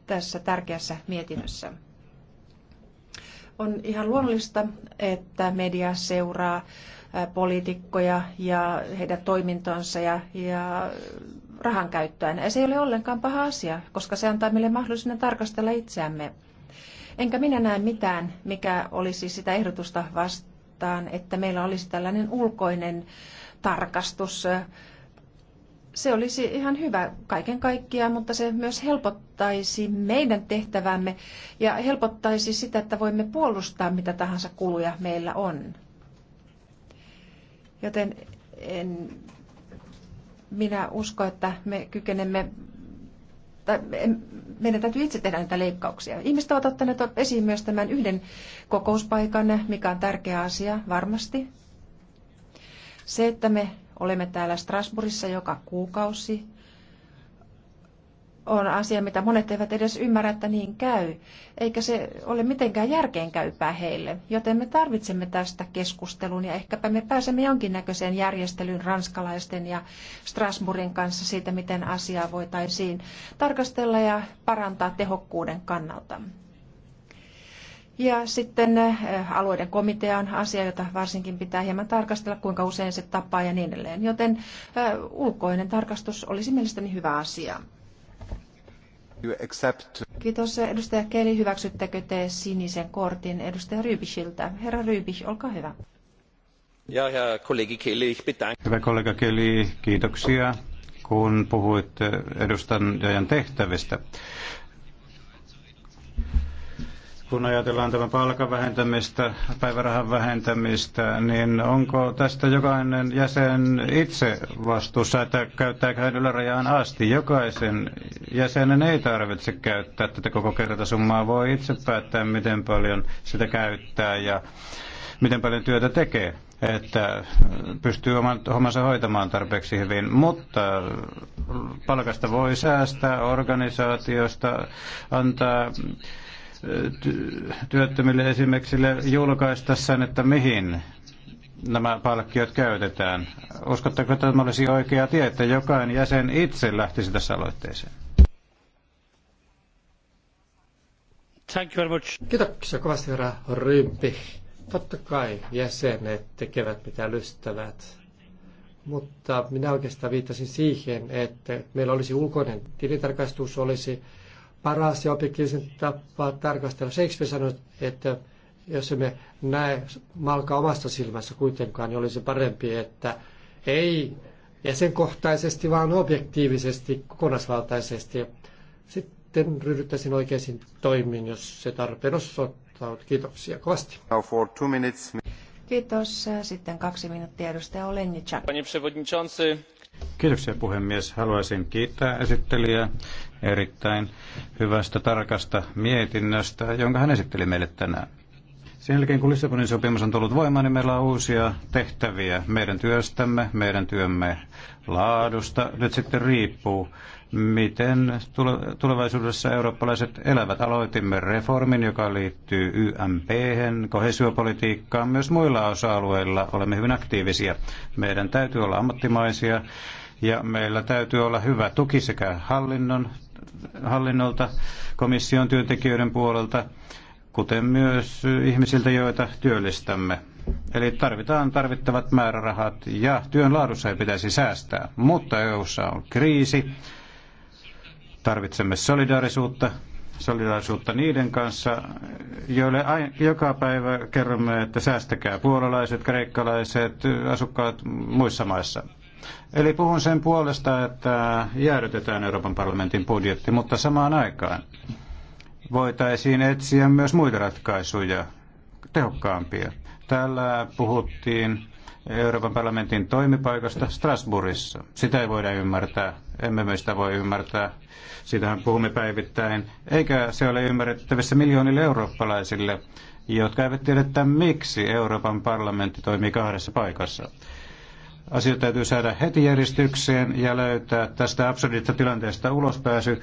tässä tärkeässä mietinnössä. On ihan luonnollista, että media seuraa poliitikkoja ja heidän toimintonsa ja, ja rahan käyttöään. Ja se ei ole ollenkaan paha asia, koska se antaa meille mahdollisuuden tarkastella itseämme. Enkä minä näe mitään, mikä olisi sitä ehdotusta vastaan, että meillä olisi tällainen ulkoinen tarkastus. Se olisi ihan hyvä kaiken kaikkiaan, mutta se myös helpottaisi meidän tehtävämme ja helpottaisi sitä, että voimme puolustaa mitä tahansa kuluja meillä on. Joten en minä usko, että me kykenemme tai meidän täytyy itse tehdä näitä leikkauksia. Ihmiset ovat ottaneet esiin myös tämän yhden kokouspaikan, mikä on tärkeä asia varmasti. Se, että me olemme täällä Strasbourgissa joka kuukausi, on asia, mitä monet eivät edes ymmärrä, että niin käy, eikä se ole mitenkään järkeenkäypää heille. Joten me tarvitsemme tästä keskustelun ja ehkäpä me pääsemme jonkinnäköiseen järjestelyyn ranskalaisten ja Strasbourgin kanssa siitä, miten asiaa voitaisiin tarkastella ja parantaa tehokkuuden kannalta. Ja sitten eh, alueiden komitea on asia, jota varsinkin pitää hieman tarkastella, kuinka usein se tapaa ja niin edelleen. Joten eh, ulkoinen tarkastus olisi mielestäni hyvä asia. Kiitos. Edustaja Keli, hyväksyttekö te sinisen kortin edustaja Rybichiltä? Herra Rybich, olkaa hyvä. Ja, ja kollegi Keli, ich bedanke. Hyvä kollega Keli, kiitoksia kun puhuit edustajan tehtävistä kun ajatellaan tämän palkan vähentämistä, päivärahan vähentämistä, niin onko tästä jokainen jäsen itse vastuussa, että käyttääkö hän ylärajaan asti? Jokaisen jäsenen ei tarvitse käyttää tätä koko kertasummaa, voi itse päättää, miten paljon sitä käyttää ja miten paljon työtä tekee, että pystyy oman hommansa hoitamaan tarpeeksi hyvin. Mutta palkasta voi säästää, organisaatiosta antaa työttömille esimerkiksi julkaista että mihin nämä palkkiot käytetään. Uskotteko, että tämä olisi oikea tie, että jokainen jäsen itse lähtisi tässä aloitteeseen? Thank you very much. Kiitoksia kovasti, herra Rympi. Totta kai jäsenet tekevät mitä lystävät, mutta minä oikeastaan viittasin siihen, että meillä olisi ulkoinen tilintarkastus, olisi paras ja objektiivisen tapa tarkastella. Shakespeare sanoi, että jos emme näe malkaa omasta silmässä kuitenkaan, niin olisi parempi, että ei jäsenkohtaisesti, vaan objektiivisesti, kokonaisvaltaisesti. Sitten ryhdyttäisin oikeisiin toimiin, jos se tarpeen osoittaa. Kiitoksia kovasti. Kiitos. Sitten kaksi minuuttia edustaja Olenjitsa. Kiitoksia puhemies. Haluaisin kiittää esittelijää erittäin hyvästä tarkasta mietinnöstä, jonka hän esitteli meille tänään. Sen jälkeen kun Lissabonin sopimus on tullut voimaan, niin meillä on uusia tehtäviä meidän työstämme, meidän työmme laadusta. Nyt sitten riippuu, miten tulevaisuudessa eurooppalaiset elävät. Aloitimme reformin, joka liittyy YMP, kohesiopolitiikkaan. Myös muilla osa-alueilla olemme hyvin aktiivisia. Meidän täytyy olla ammattimaisia ja meillä täytyy olla hyvä tuki sekä hallinnon hallinnolta, komission työntekijöiden puolelta, kuten myös ihmisiltä, joita työllistämme. Eli tarvitaan tarvittavat määrärahat ja työn laadussa ei pitäisi säästää. Mutta EU:ssa on kriisi. Tarvitsemme solidaarisuutta, solidaarisuutta niiden kanssa, joille joka päivä kerromme, että säästäkää puolalaiset, kreikkalaiset, asukkaat muissa maissa. Eli puhun sen puolesta, että jäädytetään Euroopan parlamentin budjetti, mutta samaan aikaan voitaisiin etsiä myös muita ratkaisuja, tehokkaampia. Täällä puhuttiin Euroopan parlamentin toimipaikasta Strasbourgissa. Sitä ei voida ymmärtää. Emme me sitä voi ymmärtää. Siitähän puhumme päivittäin. Eikä se ole ymmärrettävissä miljoonille eurooppalaisille, jotka eivät tiedä, miksi Euroopan parlamentti toimii kahdessa paikassa asiat täytyy saada heti järjestykseen ja löytää tästä absurdista tilanteesta ulospääsy.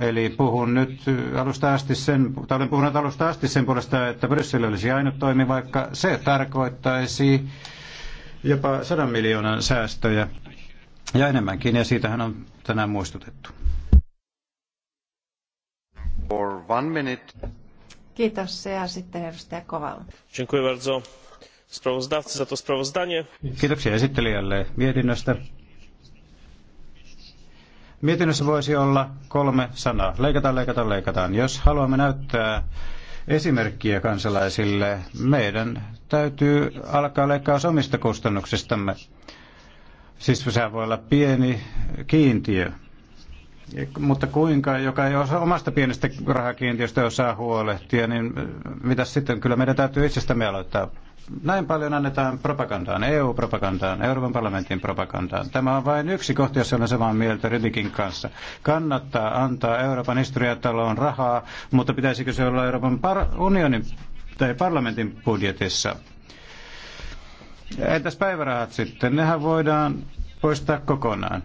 Eli puhun nyt alusta asti sen, tai olen puhunut alusta asti sen puolesta, että Bryssel olisi ainut toimi, vaikka se tarkoittaisi jopa sadan miljoonan säästöjä ja enemmänkin, ja siitähän on tänään muistutettu. For one minute. Kiitos, ja sitten edustaja Koval. Dziękuję bardzo sprawozdawcy za to sprawozdanie. Kiitoksia esittelijälle mietinnöstä. Mietinnössä voisi olla kolme sanaa. Leikataan, leikataan, leikataan. Jos haluamme näyttää esimerkkiä kansalaisille, meidän täytyy alkaa leikkaus omista kustannuksistamme. Siis sehän voi olla pieni kiintiö mutta kuinka, joka ei osaa omasta pienestä rahakiintiöstä osaa huolehtia, niin mitä sitten? Kyllä meidän täytyy itsestämme aloittaa. Näin paljon annetaan propagandaan, EU-propagandaan, Euroopan parlamentin propagandaan. Tämä on vain yksi kohta, jossa olen samaa mieltä Rydikin kanssa. Kannattaa antaa Euroopan historiataloon rahaa, mutta pitäisikö se olla Euroopan unionin tai parlamentin budjetissa? Entäs päivärahat sitten? Nehän voidaan poistaa kokonaan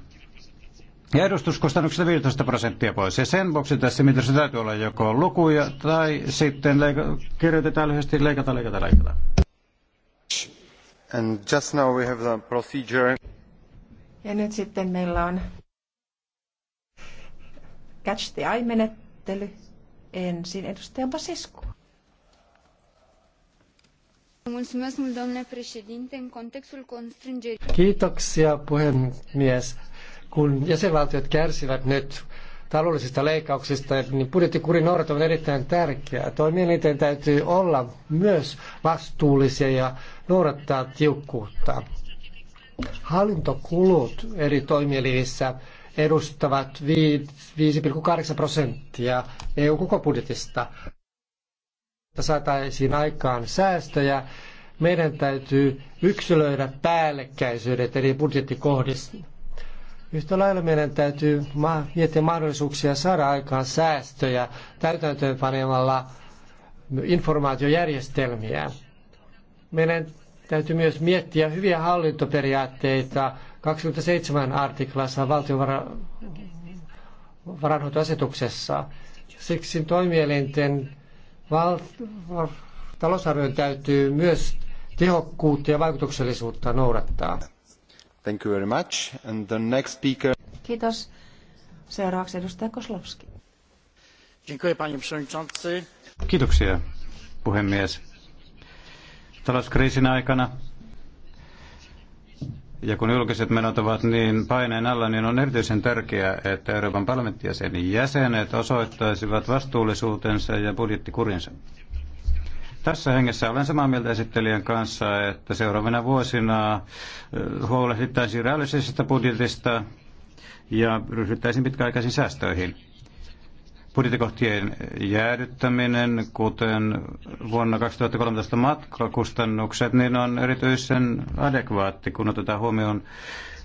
ja edustuskustannuksista 15 prosenttia pois. Ja sen vuoksi tässä mietinnössä täytyy olla joko lukuja tai sitten leika- kirjoitetaan lyhyesti leikata, leikata, leikata. And just now we have the procedure. Ja nyt sitten meillä on catch the eye-menettely. Ensin edustaja Basescu. Kiitoksia, puhemies kun jäsenvaltiot kärsivät nyt taloudellisista leikkauksista, niin budjettikurin noudat on erittäin tärkeää. Toimielinten täytyy olla myös vastuullisia ja noudattaa tiukkuutta. Hallintokulut eri toimielimissä edustavat 5,8 prosenttia EU koko budjetista. saataisiin aikaan säästöjä, meidän täytyy yksilöidä päällekkäisyydet eri budjettikohdissa Yhtä lailla meidän täytyy miettiä mahdollisuuksia saada aikaan säästöjä täytäntöönpanemalla informaatiojärjestelmiä. Meidän täytyy myös miettiä hyviä hallintoperiaatteita 27 artiklassa valtiovarainhoitoasetuksessa. Siksi toimielinten val- talousarvion täytyy myös tehokkuutta ja vaikutuksellisuutta noudattaa. Thank you very much. And the next speaker... Kiitos. Seuraavaksi edustaja Koslowski. Dziękuję, panie przewodniczący. Kiitoksia, puhemies. Talouskriisin aikana ja kun julkiset menot ovat niin paineen alla, niin on erityisen tärkeää, että Euroopan parlamentti ja sen jäsenet osoittaisivat vastuullisuutensa ja budjettikurinsa. Tässä hengessä olen samaa mieltä esittelijän kanssa, että seuraavina vuosina huolehdittaisiin realistisesta budjetista ja ryhdyttäisiin pitkäaikaisiin säästöihin. Budjettikohtien jäädyttäminen, kuten vuonna 2013 matkakustannukset, niin on erityisen adekvaatti, kun otetaan huomioon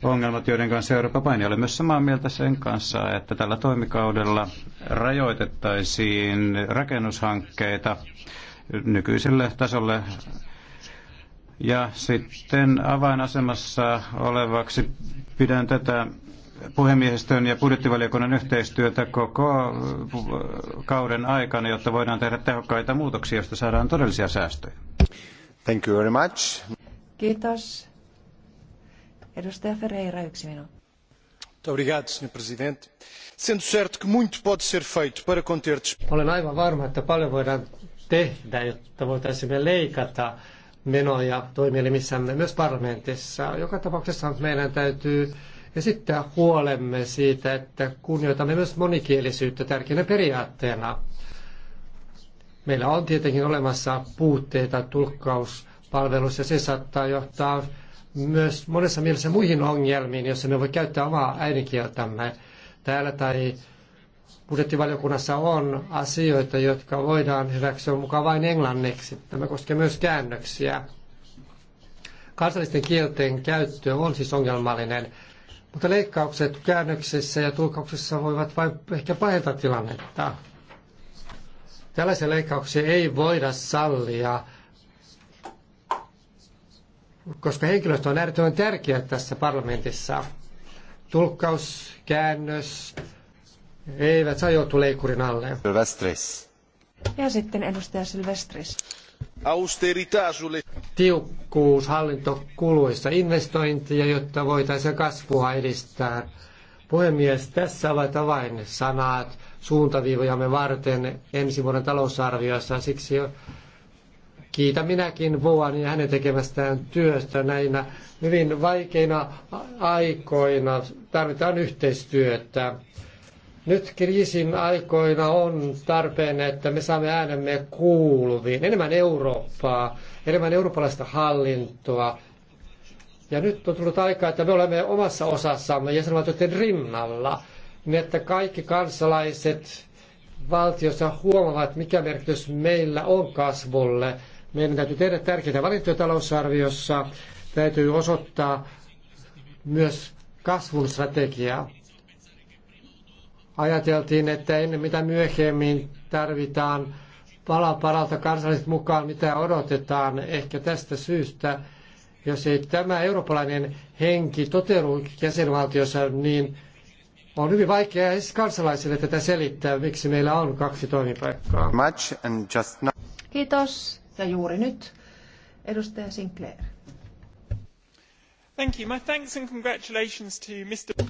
ongelmat, joiden kanssa Eurooppa painii. Olen myös samaa mieltä sen kanssa, että tällä toimikaudella rajoitettaisiin rakennushankkeita nykyiselle tasolle. Ja sitten avainasemassa olevaksi pidän tätä puhemiehistön ja budjettivaliokunnan yhteistyötä koko kauden aikana, jotta voidaan tehdä tehokkaita muutoksia, joista saadaan todellisia säästöjä. Thank you very much. Kiitos. Edustaja Ferreira, yksi minuutti. Obrigado, Sr. Presidente. Sendo certo que muito pode ser feito para conter... Olen aivan varma, että paljon voidaan tehdä, jotta voitaisiin leikata menoja toimielimissämme myös parlamentissa. Joka tapauksessa meidän täytyy esittää huolemme siitä, että kunnioitamme myös monikielisyyttä tärkeänä periaatteena. Meillä on tietenkin olemassa puutteita tulkkauspalveluissa ja se saattaa johtaa myös monessa mielessä muihin ongelmiin, jos me voi käyttää omaa äidinkieltämme täällä tai budjettivaliokunnassa on asioita, jotka voidaan hyväksyä mukaan vain englanniksi. Tämä koskee myös käännöksiä. Kansallisten kielten käyttö on siis ongelmallinen, mutta leikkaukset käännöksissä ja tulkauksissa voivat vain ehkä pahentaa tilannetta. Tällaisia leikkauksia ei voida sallia, koska henkilöstö on äärettömän tärkeä tässä parlamentissa. Tulkkaus, käännös, eivät saa joutua alle. Silvestris. Ja sitten edustaja Silvestris. Austerità Tiukkuus hallintokuluissa investointia, jotta voitaisiin kasvua edistää. Puhemies, tässä ovat avainsanat suuntaviivojamme varten ensi vuoden talousarviossa. Siksi kiitän minäkin Voan ja hänen tekemästään työstä näinä hyvin vaikeina aikoina. Tarvitaan yhteistyötä. Nyt kriisin aikoina on tarpeen, että me saamme äänemme kuuluviin. Enemmän Eurooppaa, enemmän eurooppalaista hallintoa. Ja nyt on tullut aika, että me olemme omassa osassamme jäsenvaltioiden rinnalla, niin että kaikki kansalaiset valtiossa huomaavat, mikä merkitys meillä on kasvulle. Meidän täytyy tehdä tärkeitä valintoja talousarviossa, täytyy osoittaa myös kasvun strategiaa ajateltiin, että ennen mitä myöhemmin tarvitaan pala palalta kansalliset mukaan, mitä odotetaan ehkä tästä syystä. Jos ei tämä eurooppalainen henki toteudu jäsenvaltiossa, niin on hyvin vaikea edes kansalaisille tätä selittää, miksi meillä on kaksi toimipaikkaa. Much and just Kiitos. Ja juuri nyt edustaja Sinclair. Thank you. My thanks and congratulations to Mr.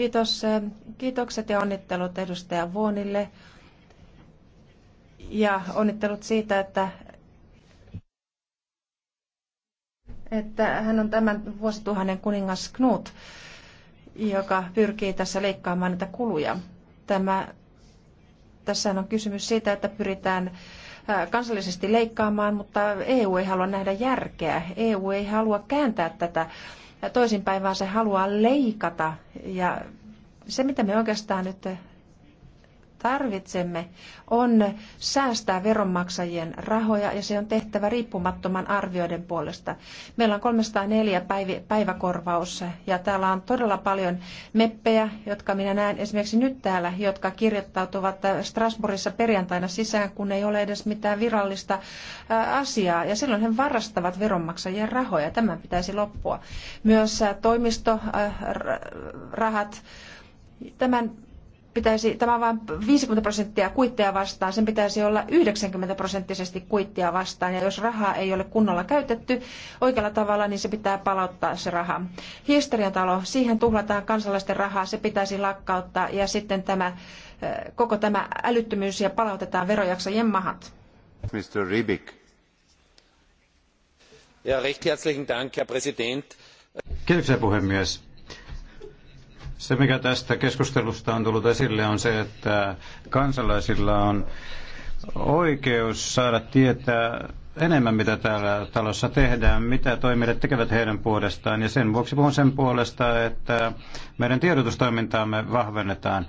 Kiitos. Eh, kiitokset ja onnittelut edustaja Vuonille. Ja onnittelut siitä, että, että hän on tämän vuosituhannen kuningas Knut, joka pyrkii tässä leikkaamaan näitä kuluja. Tämä, tässä on kysymys siitä, että pyritään eh, kansallisesti leikkaamaan, mutta EU ei halua nähdä järkeä. EU ei halua kääntää tätä toisinpäin, vaan se haluaa leikata. Ja se, mitä me oikeastaan nyt tarvitsemme, on säästää veronmaksajien rahoja ja se on tehtävä riippumattoman arvioiden puolesta. Meillä on 304 päiv- päiväkorvaus ja täällä on todella paljon meppejä, jotka minä näen esimerkiksi nyt täällä, jotka kirjoittautuvat Strasbourgissa perjantaina sisään, kun ei ole edes mitään virallista asiaa ja silloin he varastavat veronmaksajien rahoja. Tämän pitäisi loppua. Myös toimistorahat, tämän pitäisi, tämä on vain 50 prosenttia kuittia vastaan, sen pitäisi olla 90 prosenttisesti kuittia vastaan. Ja jos rahaa ei ole kunnolla käytetty oikealla tavalla, niin se pitää palauttaa se raha. Historiantalo, siihen tuhlataan kansalaisten rahaa, se pitäisi lakkauttaa ja sitten tämä, eh, koko tämä älyttömyys ja palautetaan verojaksajien mahat. Mr. Ribik. Ja, recht herzlichen Dank, Herr Präsident. Kiitoksia puhemies se, mikä tästä keskustelusta on tullut esille, on se, että kansalaisilla on oikeus saada tietää enemmän, mitä täällä talossa tehdään, mitä toimijat tekevät heidän puolestaan. Ja sen vuoksi puhun sen puolesta, että meidän tiedotustoimintaamme vahvennetaan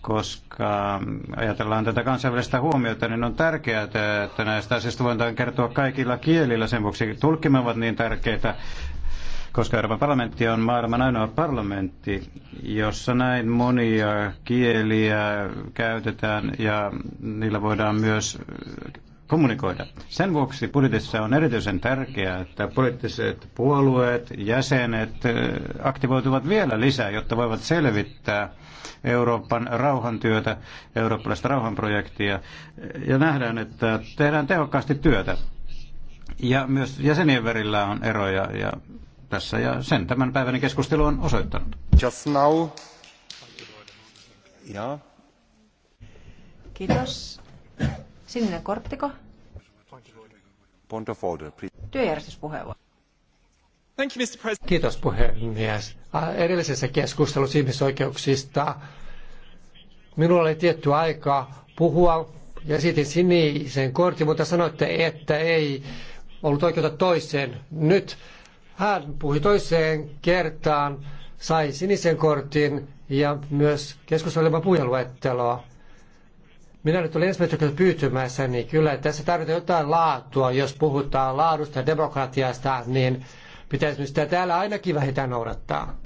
koska ajatellaan tätä kansainvälistä huomiota, niin on tärkeää, että näistä asioista voidaan kertoa kaikilla kielillä. Sen vuoksi tulkimme ovat niin tärkeitä, koska Euroopan parlamentti on maailman ainoa parlamentti, jossa näin monia kieliä käytetään ja niillä voidaan myös kommunikoida. Sen vuoksi budjetissa on erityisen tärkeää, että poliittiset puolueet, jäsenet eh, aktivoituvat vielä lisää, jotta voivat selvittää Euroopan rauhantyötä, eurooppalaista rauhanprojektia. Ja nähdään, että tehdään tehokkaasti työtä. Ja myös jäsenien verillä on eroja ja tässä ja sen tämän päivän keskustelu on osoittanut. Just now. Ja. Kiitos. Sininen korttiko? Työjärjestyspuheenvuoro. Kiitos puhemies. Edellisessä keskustelussa ihmisoikeuksista minulla oli tietty aika puhua ja esitin sinisen kortin, mutta sanoitte, että ei ollut oikeutta toiseen. Nyt hän puhui toiseen kertaan, sai sinisen kortin ja myös keskustelman puheluetteloa. Minä nyt olen ensimmäistä pyytymässä, niin kyllä tässä tarvitaan jotain laatua. Jos puhutaan laadusta ja demokratiasta, niin pitäisi sitä täällä ainakin vähintään noudattaa.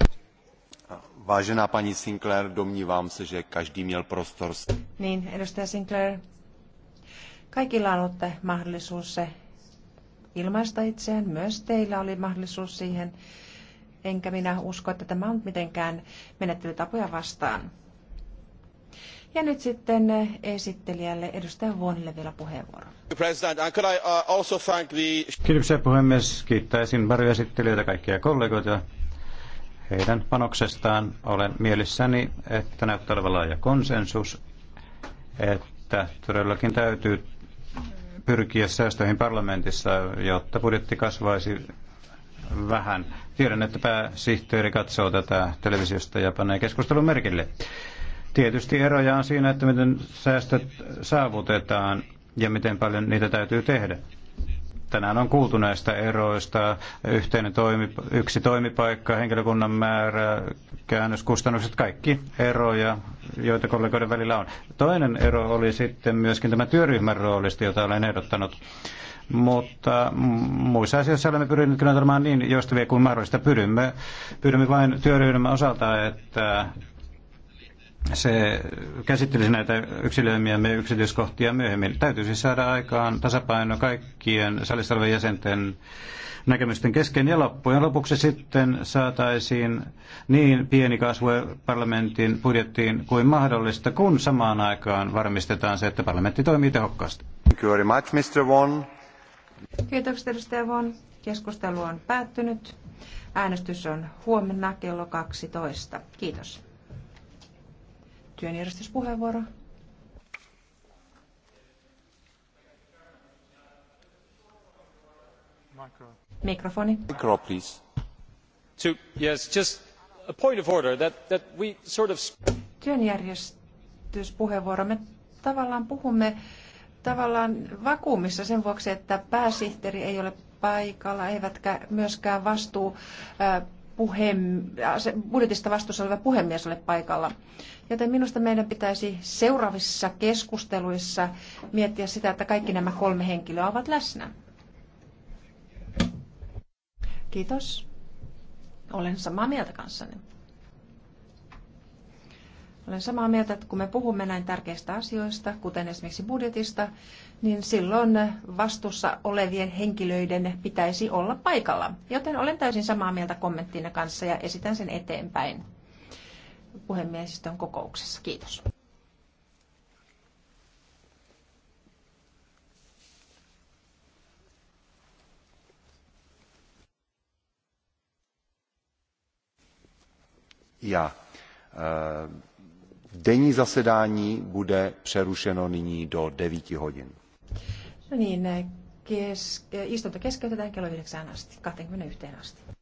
Vážená paní Sinclair, domnívám se, že každý měl prostor. Niin, edustaja Sinclair, kaikilla on ollut mahdollisuus se ilmaista itseään. Myös teillä oli mahdollisuus siihen. Enkä minä usko, että tämä on mitenkään menettelytapoja vastaan. Ja nyt sitten esittelijälle edustaja Vuonille vielä puheenvuoro. Uh, Kiitoksia puhemies. Kiittäisin varjoesittelijöitä kaikkia kollegoita heidän panoksestaan. Olen mielissäni, että näyttää olevan laaja konsensus, että todellakin täytyy pyrkiä säästöihin parlamentissa, jotta budjetti kasvaisi vähän. Tiedän, että pääsihteeri katsoo tätä televisiosta ja panee keskustelun merkille. Tietysti eroja on siinä, että miten säästöt saavutetaan ja miten paljon niitä täytyy tehdä. Tänään on kuultu näistä eroista, yhteinen toimi, yksi toimipaikka, henkilökunnan määrä, käännöskustannukset, kaikki eroja, joita kollegoiden välillä on. Toinen ero oli sitten myöskin tämä työryhmän roolista, jota olen ehdottanut mutta muissa asioissa olemme pyrineet kyllä niin joustavia kuin mahdollista. Pyrimme, pyrimme vain työryhmän osalta, että se käsittelisi näitä yksilöimiämme yksityiskohtia myöhemmin. Täytyisi siis saada aikaan tasapaino kaikkien salissa olevien jäsenten näkemysten kesken ja loppujen lopuksi sitten saataisiin niin pieni kasvu parlamentin budjettiin kuin mahdollista, kun samaan aikaan varmistetaan se, että parlamentti toimii tehokkaasti. Thank you very much, Mr. Won. Kiitokset, edustaja Von. Keskustelu on päättynyt. Äänestys on huomenna kello 12. Kiitos työnjärjestyspuheenvuoro. Mikrofoni. Mikro, please. To, yes, just a point of order that, that we sort of... Työnjärjestyspuheenvuoro. Me tavallaan puhumme tavallaan vakuumissa sen vuoksi, että pääsihteeri ei ole paikalla, eivätkä myöskään vastuu puhem, budjetista vastuussa oleva puhemies ole paikalla. Joten minusta meidän pitäisi seuraavissa keskusteluissa miettiä sitä, että kaikki nämä kolme henkilöä ovat läsnä. Kiitos. Olen samaa mieltä kanssani. Olen samaa mieltä, että kun me puhumme näin tärkeistä asioista, kuten esimerkiksi budjetista, niin silloin vastuussa olevien henkilöiden pitäisi olla paikalla. Joten olen täysin samaa mieltä kommenttina kanssa ja esitän sen eteenpäin puhemiehistön kokouksessa. Kiitos. Ja. Eh, denní zasedání bude přerušeno nyní do 9 hodin. No niin, eh, kes, eh, istunto keskeytetään kello 9 asti, 21 asti.